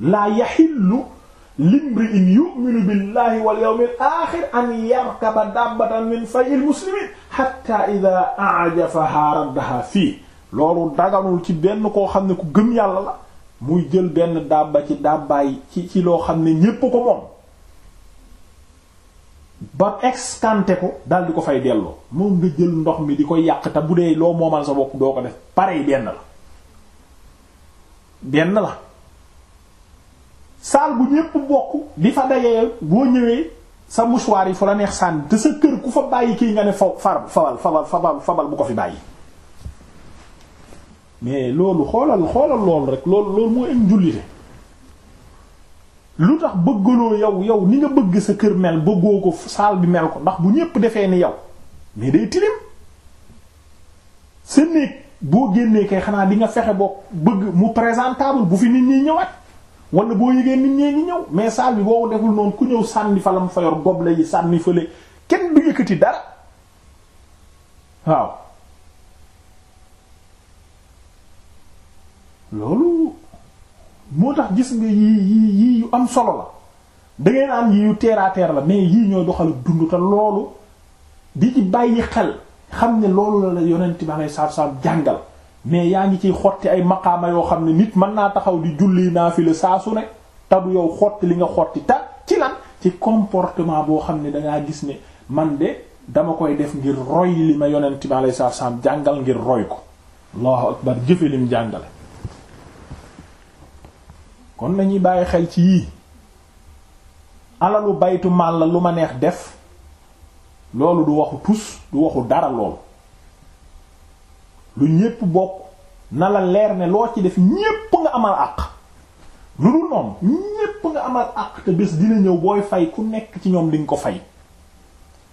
laa yaxillu limri in yuminu billahi wal yawmil axir an yarkaba dabbatan min fayil muslimin hatta ida ajafaha raddaha fii loolu daganul ci benn koo xam ne ku gëm yàlla la muy jël benn dabba ci dabbaay ci ci loo xam ne ñépp ko moom ba excanté ko daal di ko fay delloo moom nga jël ndox mi di ko yàq te bu dee loo moomal sa bopp doo ko def parey benn la benn la saal bu ñépp bokk di fa dajee boo ñëwee sa mouchoir yi fu la neex sànni te sa kër ku fa bàyyi kii nga ne fa far fabal fabal fabal fabal bu ko fi bàyyi mais loolu xoolal xoolal loolu rek loolu loolu mooy am njullite lu tax bëggaloo yow yow ni nga bëgg sa kër mel bëggoo ko saal bi mel ko ndax bu ñépp defee ni yaw mais day tilim sa néeg boo génnee kay xanaa di nga fexe boo bëgg mu présentable bu fi nit ñi ñëwaat wala boo yëgee nit ñee ngi ñëw mais saal bi boo deful noonu ku ñëw sànni fa la mu fa yor goble yi sànni fële kenn du yëkkati dara waaw loolu moo tax gis nga yii yii yii yu am solo la da ngay naan yii yu terre la mais yii ñoo doxal dund te loolu di ci bàyyi xel xam ne loolu la la yonent bi alei saatu salaam jàngal mais yaa ngi ciy xotti ay maqaama yoo xam ne nit mën naa taxaw di julli naa saa su ne te du yow xotti li nga xotti ta ci lan ci comportement boo xam ne dangaa gis ne man de dama koy def ngir roy li ma yonent bi alei saatu salaam jàngal ngir roy ko allahu akbar jëfe lim jàngale kon nañuy bàyyi xel ci yii alalu baytu mal la lu ma neex def loolu du waxu tus du waxu dara loolu lu ñépp bokk na la leer ne loo ci def ñépp nga amal àq lu dul noonu ñépp nga amal àq te bés dina ñëw booy fay ku nekk ci ñoom dinga ko fay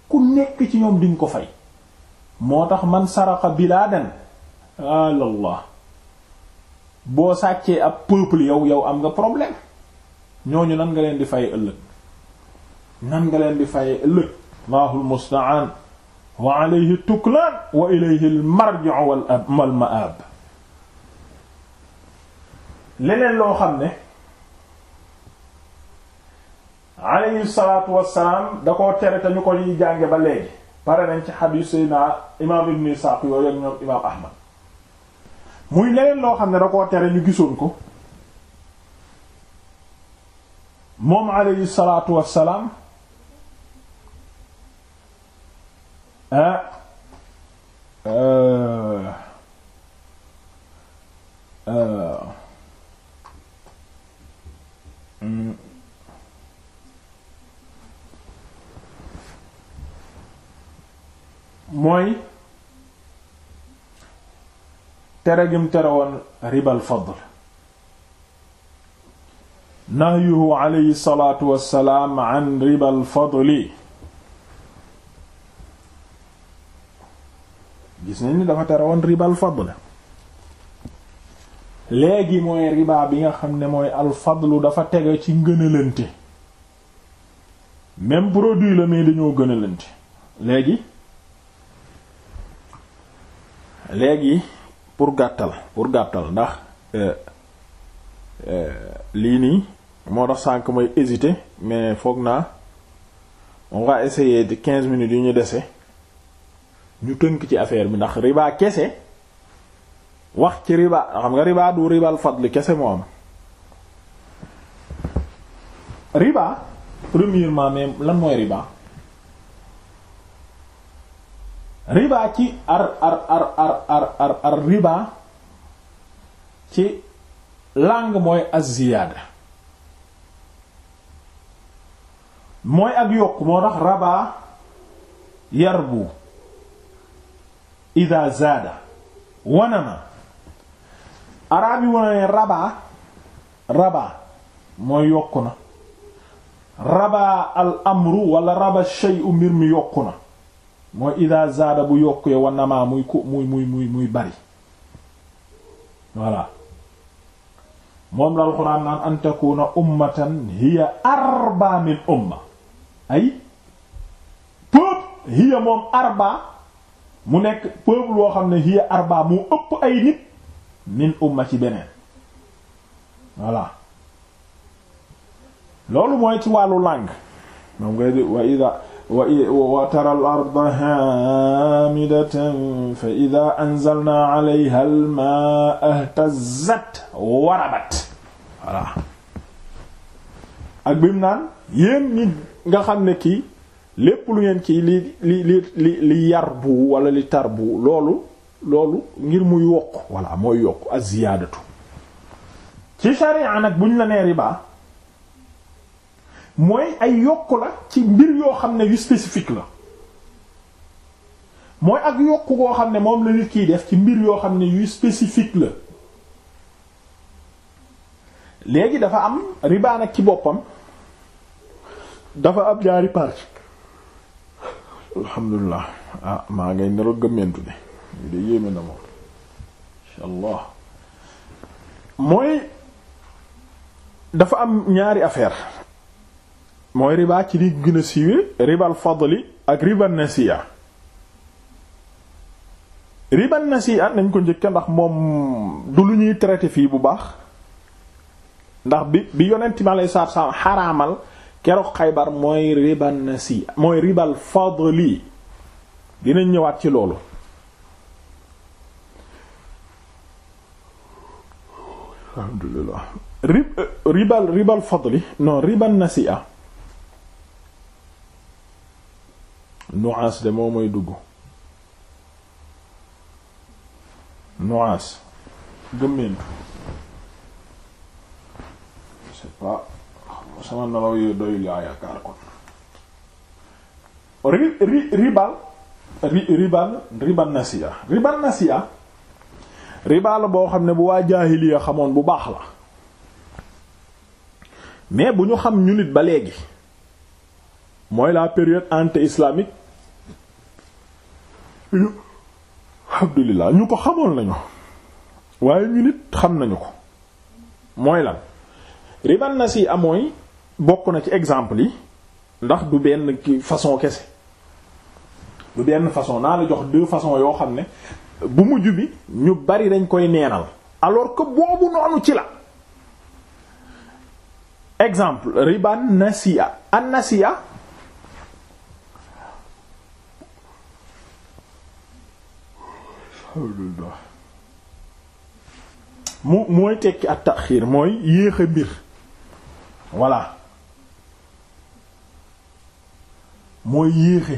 ku nekk ci ñoom dinga ko fay moo tax man saraxa bilaadan alallah boo sàccee ab peuple yow yow am nga problème ñooñu nan nga leen di fay ëllëg nan nga leen di fay ëllëg allahul musta'an wa alayhi tuklaan wa ilayhi al marji'u wal leneen loo xam ne alayhi salaatu wassalaam da koo tere te ñu ko ñuy jànge ba léegi pare nañ ci xadiis Seydina imaam ibn Isaaq yooyu ak imaam Ahmad muy leneen loo xam ne da koo tere ñu gisoon ko moom alayhi salaatu wassalaam ah, ah, ah mm. mooy tere gim tere woon ribal fadl nahyuhu alayhi salaatu wassalaam an ribal fadli gis nañ ni dafa tere woon ribal fadl léegi mooy riba bi nga xam ne mooy alfadlu dafa tege ci ngënalante même produit la mais dañoo gënalante léegi léegi pour gàttal pour gàttal ndax euh, euh, lii nii moo tax sànq mooy hésiter mais foog naa on va essayer de quinze minutes yu ñu dese ñu tënk ci affaire bi ndax riba kese wax ci riba xam nga riba du ribal fadl kese moo am riba premièrement même lan mooy riba riba ci ar ci langue mooy az-ziyaada mooy ak yokk moo tax raba yarbu ida zaada na araab yi wane raba raba mooy yokku na raba al amru wala raba shay'u mbir mi yokku na mooy ida zaada bu yokkee wanama muy ku muy muy muy bari voilà moom la alxuraan naan an ummatan hiya arba min umma ay peuple hiya moom arba mu nekk peuple loo xam ne hiya arba mu ëpp ay nit min umma ci beneen voilà loolu mooy ci wàllu langue moom ngay di wa ida wa taral arda haamidatan fa idaa anzalnaa alayhaa almaa ahtazzat wa rabat voilà ak bim naan yéen ñi nga xam ne kii lépp lu ngeen kii li li li li yar bu wala li tar bu loolu loolu ngir muy yokk voilà mooy yokk ak ziyaadatu ci sharia nag buñ la nee riba mooy ay yokk la ci mbir yoo xam ne yu spécifique la mooy ak yokk goo xam ne moom la nit kiy def ci mbir yoo xam ne yu spécifique la léegi dafa am riba nag ci boppam dafa ab jaari parti alhamdulilah ah, maa ngay nero allah mooy dafa am ñaari affaire mooy riba ci li gën a siiwee ribal fadli ak riban nasiya riban nasiya nañ ko njëkke ndax moom du lu ñuy traité fii bu baax ndax bi bi yonent mi aleyhi salaatu salaam xaraamal keroog xaybar mooy riban nasiya mooy ribal fadli dinañ ñëwaat ci loolu alhamdulillah rib ribal ribal fadli non riban nasiya nuwaas de moo mooy dugg nuwaas gëmmeentu c'est pas sama nelaw yooyu doyul yaa yaakaar kon ri ribal ribal nasiya ribal nasiya ribal boo xam ne bu waa jaahiliya xamoon bu baax la mais bu ñu xam ñu nit ba léegi mooy la période anté islamique yu alhamdulillah ñu ko xamoon nañu waaye ñu nit xam nañu ko mooy lan riban na si amooy bokk na ci exemple yi ndax du benn façon kese du benn façon naa la jox deux façons yoo xam ne bu mujj bi ñu bari dañ koy neenal alors que boobu noonu ci la exemple riban nasiya an nasiya alhamdulillah mu mooy tekki ak taxiir mooy yéex a mbir voilà mooy yéexe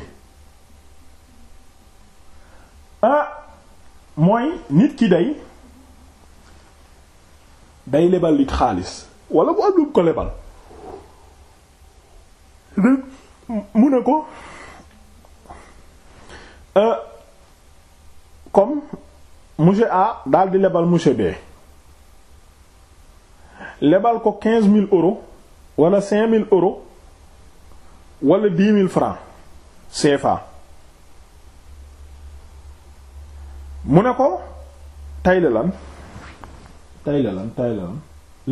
ah mooy nit ki day day lebal nit xaalis wala bu am lu ko lebal mu ne ko. Ah, comme monsieur A daal di lebal monsieur B lebal ko quinze mille euro wala cinq mille euros wala dix mille francs CFA mu ne ko tay la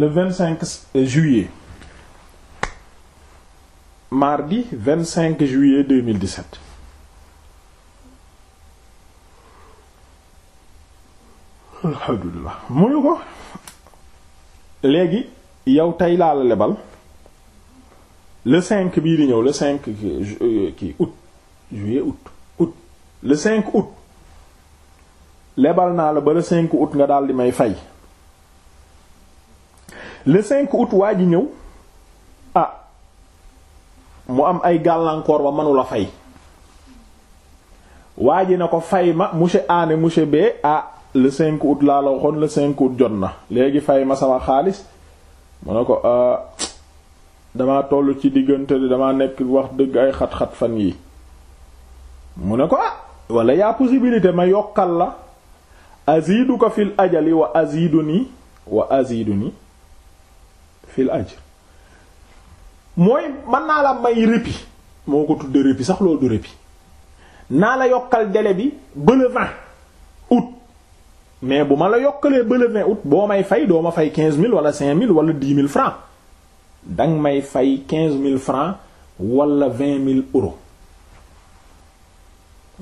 le vingt cinq juillet mardi vingt cinq juillet deux mille dix-sept alhamdulilah muyu ko léegi yow tey laa la lebal le cinq bii di ñëw le cinq kii euh, août juillet août août le cinq août lebal naa la ba le cinq août nga daal di may fay le cinq août waa ji ñëw a ah, mu am ay gàllankoor ba manula fay waa ji na ko fay ma monsieur A ne monsieur B ah le 5 août laa la le 5 août jot na léegi fay ma sama xaalis mu ne ko euh, damaa toll ci diggante damaa nekk wax dëgg ay xat-xat fan yi mu ne ko ah wala yaa possibilité ma yokkal la azidu ko fil ajali wa aziduni wa aziduni fil ajr mooy mën naa la may répit moo ko tudde répit sax loolu du répit naa la yokkal délai bi ba le mais bu ma la yokkalee ba le 20 boo may fay doo ma fay 15000 wala 5000 wala 10000 francs danga may fay 15000 francs wala 20000 euros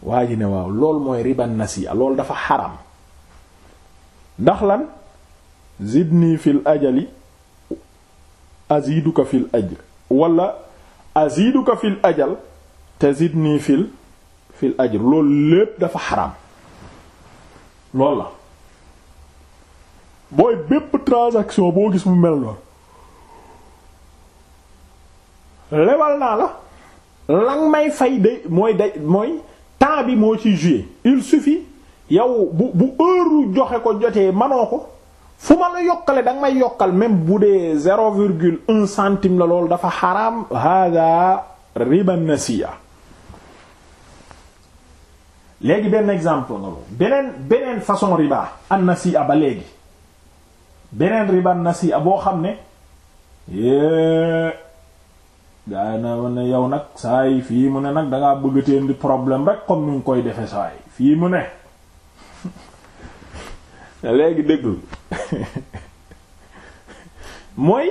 waa ji ne waaw lool mooy riban nasiya loolu dafa xaram ndax lan zidni fil ajali aziduka fil ajr wala aziduka fil ajal te zidni fil fil ajr loolu lépp dafa xaram loolu mooy bépp transaction boo gis mu mel noonu lebal naa la lang may fay day mooy day mooy temps bi moo ci jouer il suffit yow bu bu heure joxe ko jotee manoo ko fu ma la yokkale danga may yokkal même bu dee sero virgule un centime la lool dafa xaraam hada riba nasiya léegi benn exemple nga beneen beneen façon riba si nasiya ba léegi beneen na si boo xam ne yée eh, gaa yi na yow nag saa yi fii mu ne nag dangaa bëggateen di problème rek comme ni nga koy defe saa yi fii mu ne léegi dëggul mooy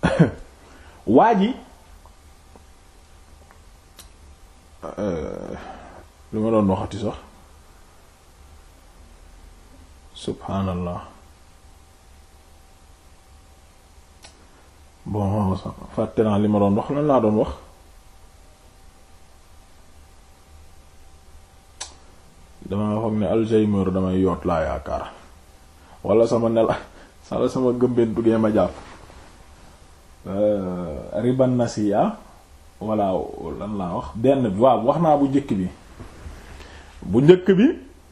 waa ji eh, lu ma doon waxati sax subhaanallah bon fàtte naa li ma doon wax lan laa doon wax damaa foog ne Alzheimer damay yoot laa yaakaar wala sama nela sala sama gëmbeen buggee ma jàpp euh, riban ah? walla lan laa wax benn bi waaw wax naa bu njëkk bi bu njëkk bi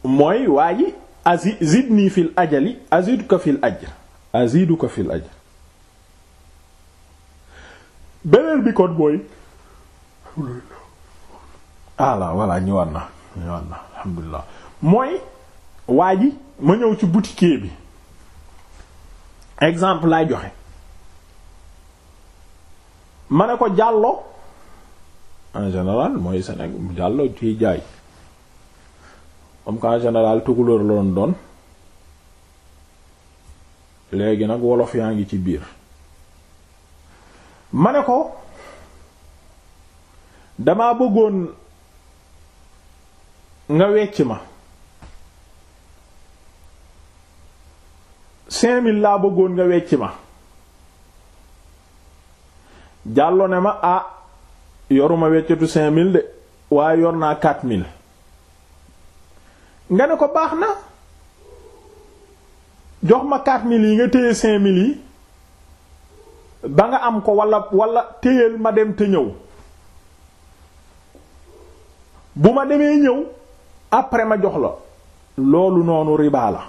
mooy waa ji azi zidni fil ajali aziduka fil ajr aziduka fil ajr beneen bi kon mooy ala ah, voilà ñu war na ñu war na alhamdulilah mooy waa ji ma ñëw ci boutique bi exemple laay joxe ma ne ko jàlloo en général mooy Sénégal jàlloo ci jaay moom que en général tukulóor la doon doon léegi nag wolof yaa ngi ci biir ma ne ko damaa bëggoon nga wecc ma cinq mille laa bëggoon nga wecc ma jàlloo ne ma ah yoruma weccatu cinq mille de waaye yor naa quatre mille nga ne ko baax na jox ma quatre mille yi nga téye cinq mille yi ba nga am ko wala walla téyeel ma dem te ñëw bu ma demee ñëw après ma jox la loolu noonu riba la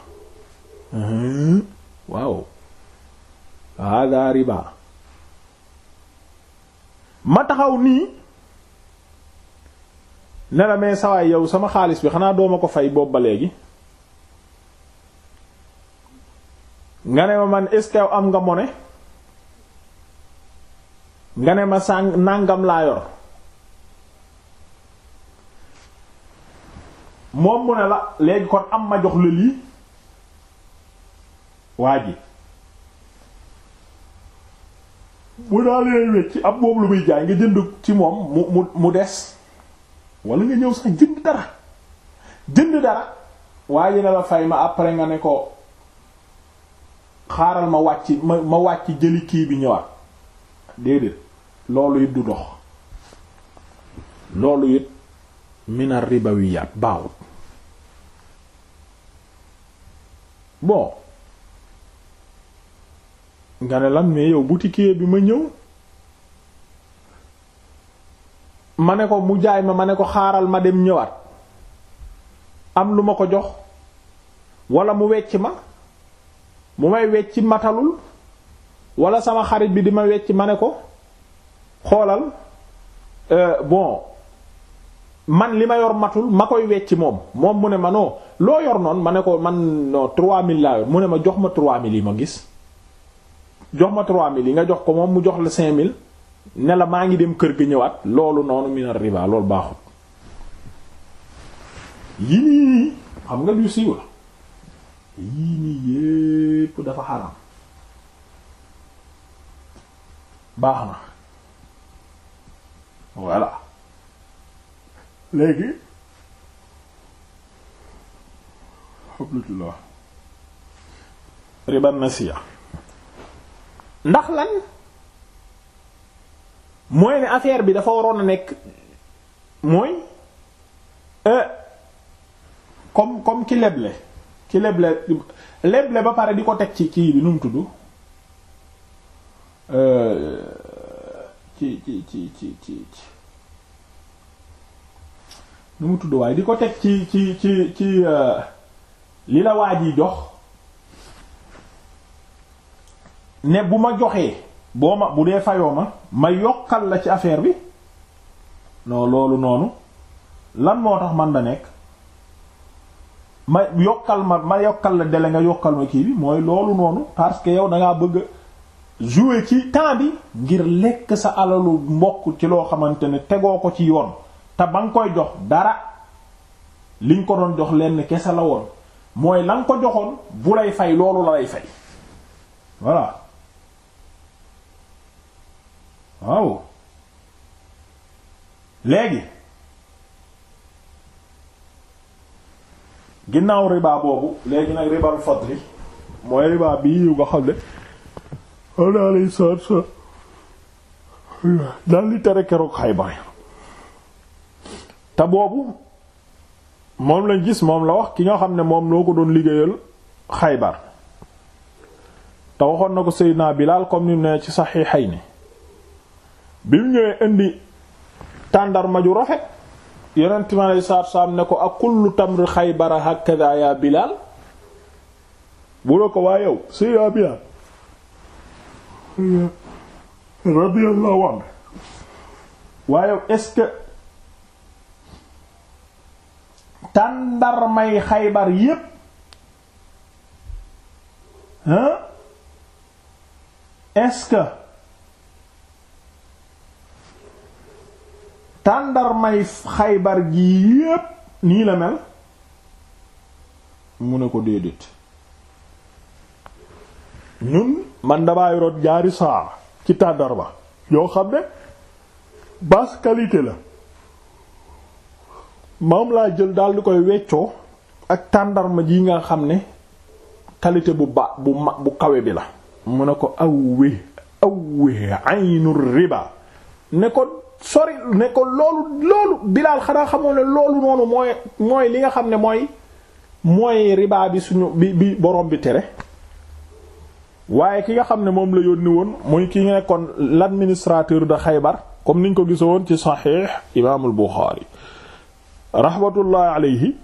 waaw hada riba ma taxaw nii ne la mais sawaay yow sama xaalis bi xanaa doo ma ko fay boobu ba léegi nga ne ma man est am nga mone nga ne ma sàng nàngam laa yor moom mu ne la léegi kon am ma jox la lii waa ji daal lay wecc ab boobu lu muy jaay nga jënd ci moom mu mu mu des wala nga ñëw sax jënd dara jënd dara waa ji ne la fay ma après nga ne ko xaaral ma wàcc ma ma wàcc jëli kii bi ñëwaat déedéet loolu it du dox loolu it minar ribawiyaat baawut bon nga ne lan mais yow boutiquier bi ma ñëw ma ne ko mu jaay ma ma ne ko xaaral ma dem ñëwaat am lu ma ko jox wala mu wecc ma mu may wecc matalul wala sama xarit bi di ma wecc ma ne ko xoolal euh, bon man li ma yor matul ma koy wecci moom moom mu ne manoo loo yor noon ma ne ko man non 3000 laa yor mu ne ma jox ma 3000 yi ma gis jox ma 3000 yi nga jox ko moom mu jox la mille ne la maa ngi dem kër gi ñëwaat loolu noonu mi na riba loolu baaxut yii nii xam nga lu siiw la yii nii yépp dafa xaraam baax na voilà léegi xablatullah riban nasiya ndax lan mooy ne affaire bi dafa waroon a nekk mooy euh, comme comme ki leble ki leble leble ba pare di ko teg ci ci bi mu tudd Euh, ci ci ci ci ci nu mu tudd waaye di ko teg ci ci ci ci euh, li la waaj yi jox ne bu ma joxee boo ma bu dee fayoo ma ma yokkal la ci affaire bi non loolu noonu lan moo tax man da nekk ma yokkal ma ma yokkal la dele nga yokkal ma kii bi mooy loolu noonu parce que yow dangaa bëgg jouer ci temps bi ngir lekk sa alalu mbokk ci loo xamante ne tegoo ko ci yoon te ba nga koy jox dara liñ ko doon jox lenn kese la woon mooy la nga ko joxoon bu lay fay loolu la lay fay voilà waaw léegi ginnaaw riba boobu léegi nag ribal fadli mooy riba bii yu nga xam ne walla alayhi salaatu wa salaam daal di tere keroog Xaybar te boobu moom lañ gis moom la wax ki nga xam ne moom loo ko doon liggéeyal Xaybar te waxoon na ko Seydina Bilaal comme ni ne ci sax Saxiixayni bi mu ñëwee indi tàndarma ju rafet yonent mi alayhi salaatu wa ne ko ak kullu tamri Xaybara hakadaa Bilaal bu la ko waa yow Seydina Bilaal radiyallahu anhu waaye est tàndarmay xaybar yépp hein tàndarmay xaybar gi yépp nii la mel mu ne ko déedéet ñun man damaa yoroon ñaari saa ci tàndarma yoo xam ne basse qualité la moom laa jël daal di koy weccoo ak tàndarma ji nga xam ne qualité bu ba bu ma bu kawe bi la mu ne ko awwe awwe aynu riba ne ko sori ne ko loolu loolu bilaal xanaa xamoo ne loolu noonu mooy mooy li nga xam ne mooy mooy riba bi suñu bi bi borom bi tere waaye ki nga xam ne moom la yónni woon muy kii nga nekkoon l'administrateur de Xaybar comme niñ ko woon ci saxiix imaamul Buxaari rahmatullah alayhi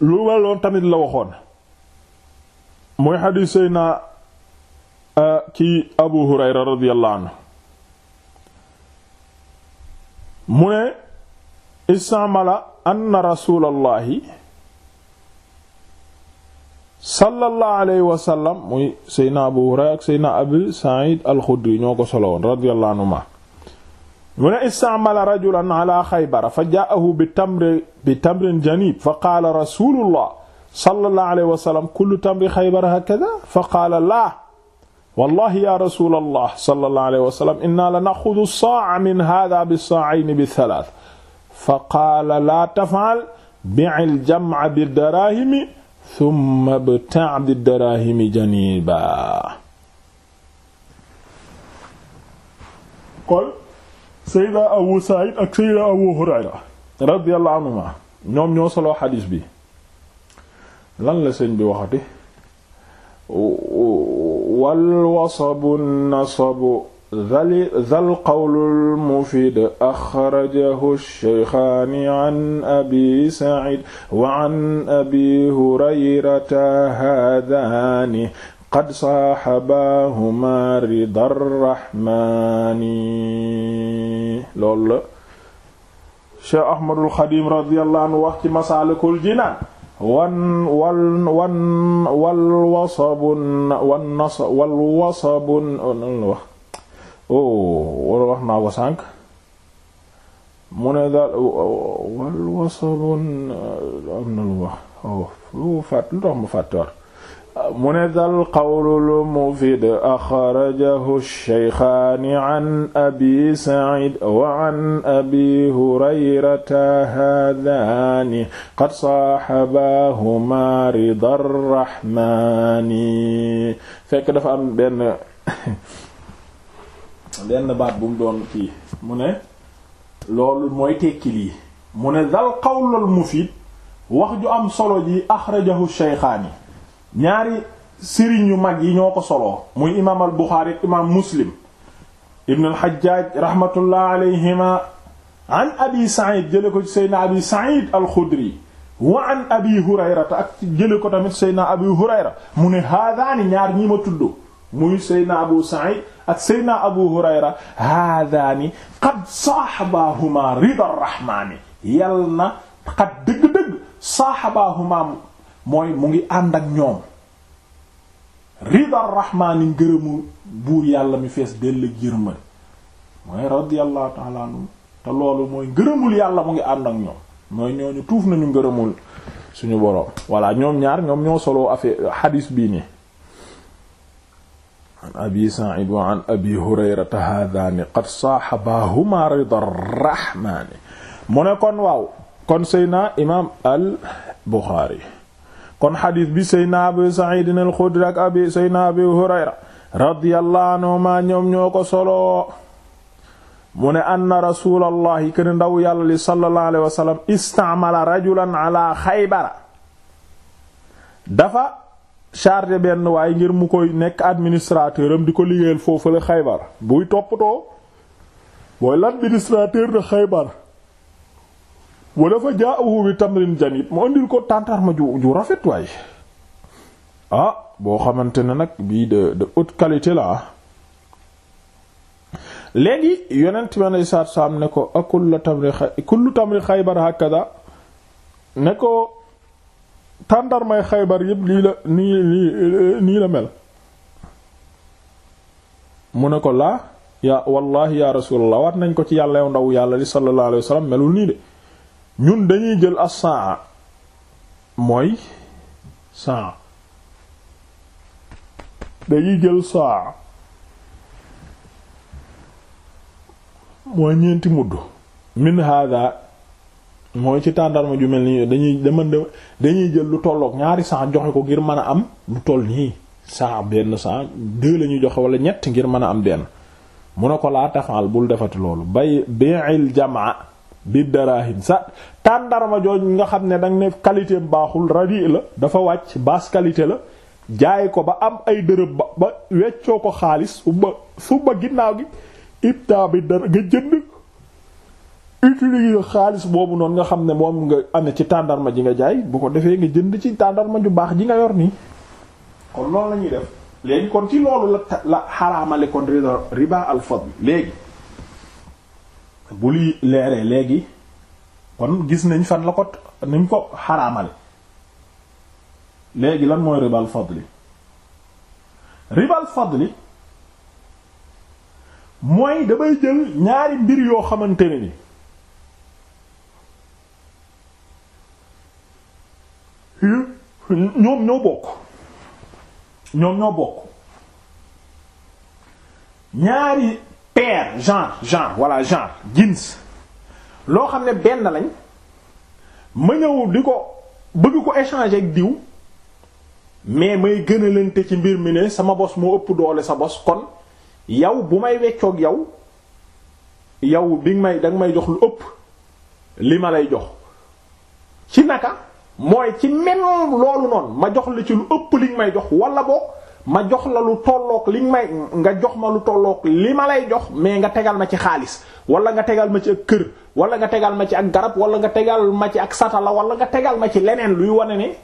lu mel noonu tamit la waxoon muy xadiis Seydina ci euh, Abu Hurayra radiyallahu anhu mu ne istamala anna rasulallahi sallallahu alayhi wa sallam muy Seydina Abu Hurayra ak Seydina Abi Sa'id al-Khudri ñoo ko solo woon radiyallahu anhuma mu ne istamala rajulan ala xaybara fa jaahu bi tamri bi tamrin janib fa qaala rasulullah sallallahu alayhi wa sallam kullu tamri xaybara hakada fa qaala laa wallahi ya rasulallah sallallahu alayhi wa sallam inna la naxudu saa'a min hada bi saa'ayni bi thalath fa qaala laa taf'al bi'il jam'a bi daraahimi thumma bta' bi daraahimi janiba kon sayda abu sa'id ak sayda abu hurayra radiyallahu anhuma ñoom ñoo soloo xadiis bi lan la sëñ bi waxati wal wasabu nasabu zal qawlul mufid axrajahu shaykhaani an abi sa'id wa an abi hurayrata haadaani qad saaxabaahuma rida rahmaani loolu la Cheikh Ahmadul Xadim radiyallahu anhu wax ci Masaalikul Jinaan wan wal wan wal wasabun wan nas wal wasabun wax oh wala wax naa ko sànq mu ne daal wal wasalun am na lu wax oh lu fàtt lu tax mu fàtte war mu ne daal qawlul mufid axrajahu shaykhaani an abi sa'id wa an abi hurayrata haadaani qad saaxabaahuma ridar rahmaani fekk dafa am benn lenn baat bu mu doon kii mu ne loolu mooy tekki lii mu ne dal qawlul mufid wax ju am solo ji axrajahu shaykhaani ñaari sëriñ yu mag yi ñoo ko solo muy imaam al buxaari imaam muslim ibn al hajjaaj rahmatullah alayhima an abi sa'id jële ko ci seydna abi sa'id al xudri wa an abi hurayrata ak jële ko tamit seydna abi hurayra mu ne haadaani ñaar ñii ma tudd muy Seydina Abu Sa'id ak Seydina Abu Hurayra haadaani qad saaxabaahumaa rida rahmaani yal na qad dëgg-dëgg saaxabaahumaa mooy mu ngi ànd ak ñoom rida rahmaani ngërëmu buur yàlla mu fees dell ak yërmande mooy radiyallahu ta'ala anhu te loolu mooy ngërëmul yàlla mu ngi ànd ak ñoom mooy ñooñu tuuf nañu ngërëmul suñu boroom voilà ñoom ñaar ñoom ñoo solo affaire hadis bii nii. an abi sa'id wa an abi hurayrata haadaani qad saaxabaahuma rida rahmaani mu ne kon waaw kon seyna imaam al buxaari kon xadiis bi seyna abi sa'id al-xudri ak abi seyna abi hurayra radiyallahu anhuma ñoom ñoo ko solo mu ne anna rasulallahi ken ndaw yàlla li sallallahu alayhi wa sallam istamala rajulan ala xaybara dafa chargé benn waaye ngir mu koy nekk administrateur am di ko liggéeyal foofu la Xaybar buy toppatoo mooy l'administrateur de Xaybar wa dafa jaahu bi tamrin janib mu indil ko tàntarma ju ju rafet waaye ah boo xamante ne nag bii de de haute qualité la ah. léegi yonent ma nay saat saam ne ko ak kullu tamri xay kullu tamri Xaybar hakada ne ko tàndarmay xaybar yëpp lii la nii nii la mel mu ne ko laa yaa wallahi yaa rasulallah waat nañ ko ci yàlla yow ndaw yàlla li sallallahu alayhi wasallam melul nii de ñun dañuy jël as-saa mooy saa dañuy jël saa mooy ñeenti mudd min hada mooy ci tàndarma ju mel ni dañuy dama dañuy jël lu tolloog ñaari saa joxe ko ngir mën a am lu toll nii saa benn saa deux la ñuy joxe wala ñett ngir mën a am benn mu ne ko laa tafaal bul defati loolu bay bi'il jamaa bi darahim sa tàndarma jooj nga xam ne danga ne qualité baaxul radi la dafa wàcc baas qualité la jaay ko ba am ay dërëb ba ba weccoo ko xaalis ubba suba ginnaaw gi ibta bi dara nga jënd utiliser xaalis boobu noonu nga xam ne moom nga amee ci tàndarma ji nga jaay bu ko defee nga jënd ci tàndarma ju baax ji nga yor nii kon loolu la ñuy def kon ci loolu la la xaraamale kon riba al fadl léegi bu luy leeree léegi kon gis nañ fan la ko nañ ko xaraamale léegi lan mooy riba al fadli riba al fadli mooy damay jël ñaari mbir yoo xamante ne ni ñoom ñoo bokk ñoom ñoo bokk ñaari paire genre genre voilà genre jeans loo xam ne benn lañ ma ñëw di ko bëgg ko échanger ak diw mais may gën a ci mbir mi ne sama bos moo ëpp doole sa bos kon yow bu may weccoog yow yow bi may danga may jox lu ëpp li ma lay jox ci naka mooy ci même loolu noonu ma jox la ci lu ëpp liñ may jox wala boog ma jox la lu li liñ may nga jox ma lu tollook li ma lay jox mais nga tegal ma ci xaalis wala nga tegal ma ci ak kër wala nga tegal ma ci ak garab wala nga tegal ma ci ak satala wala nga tegal ma ci leneen luy wane ne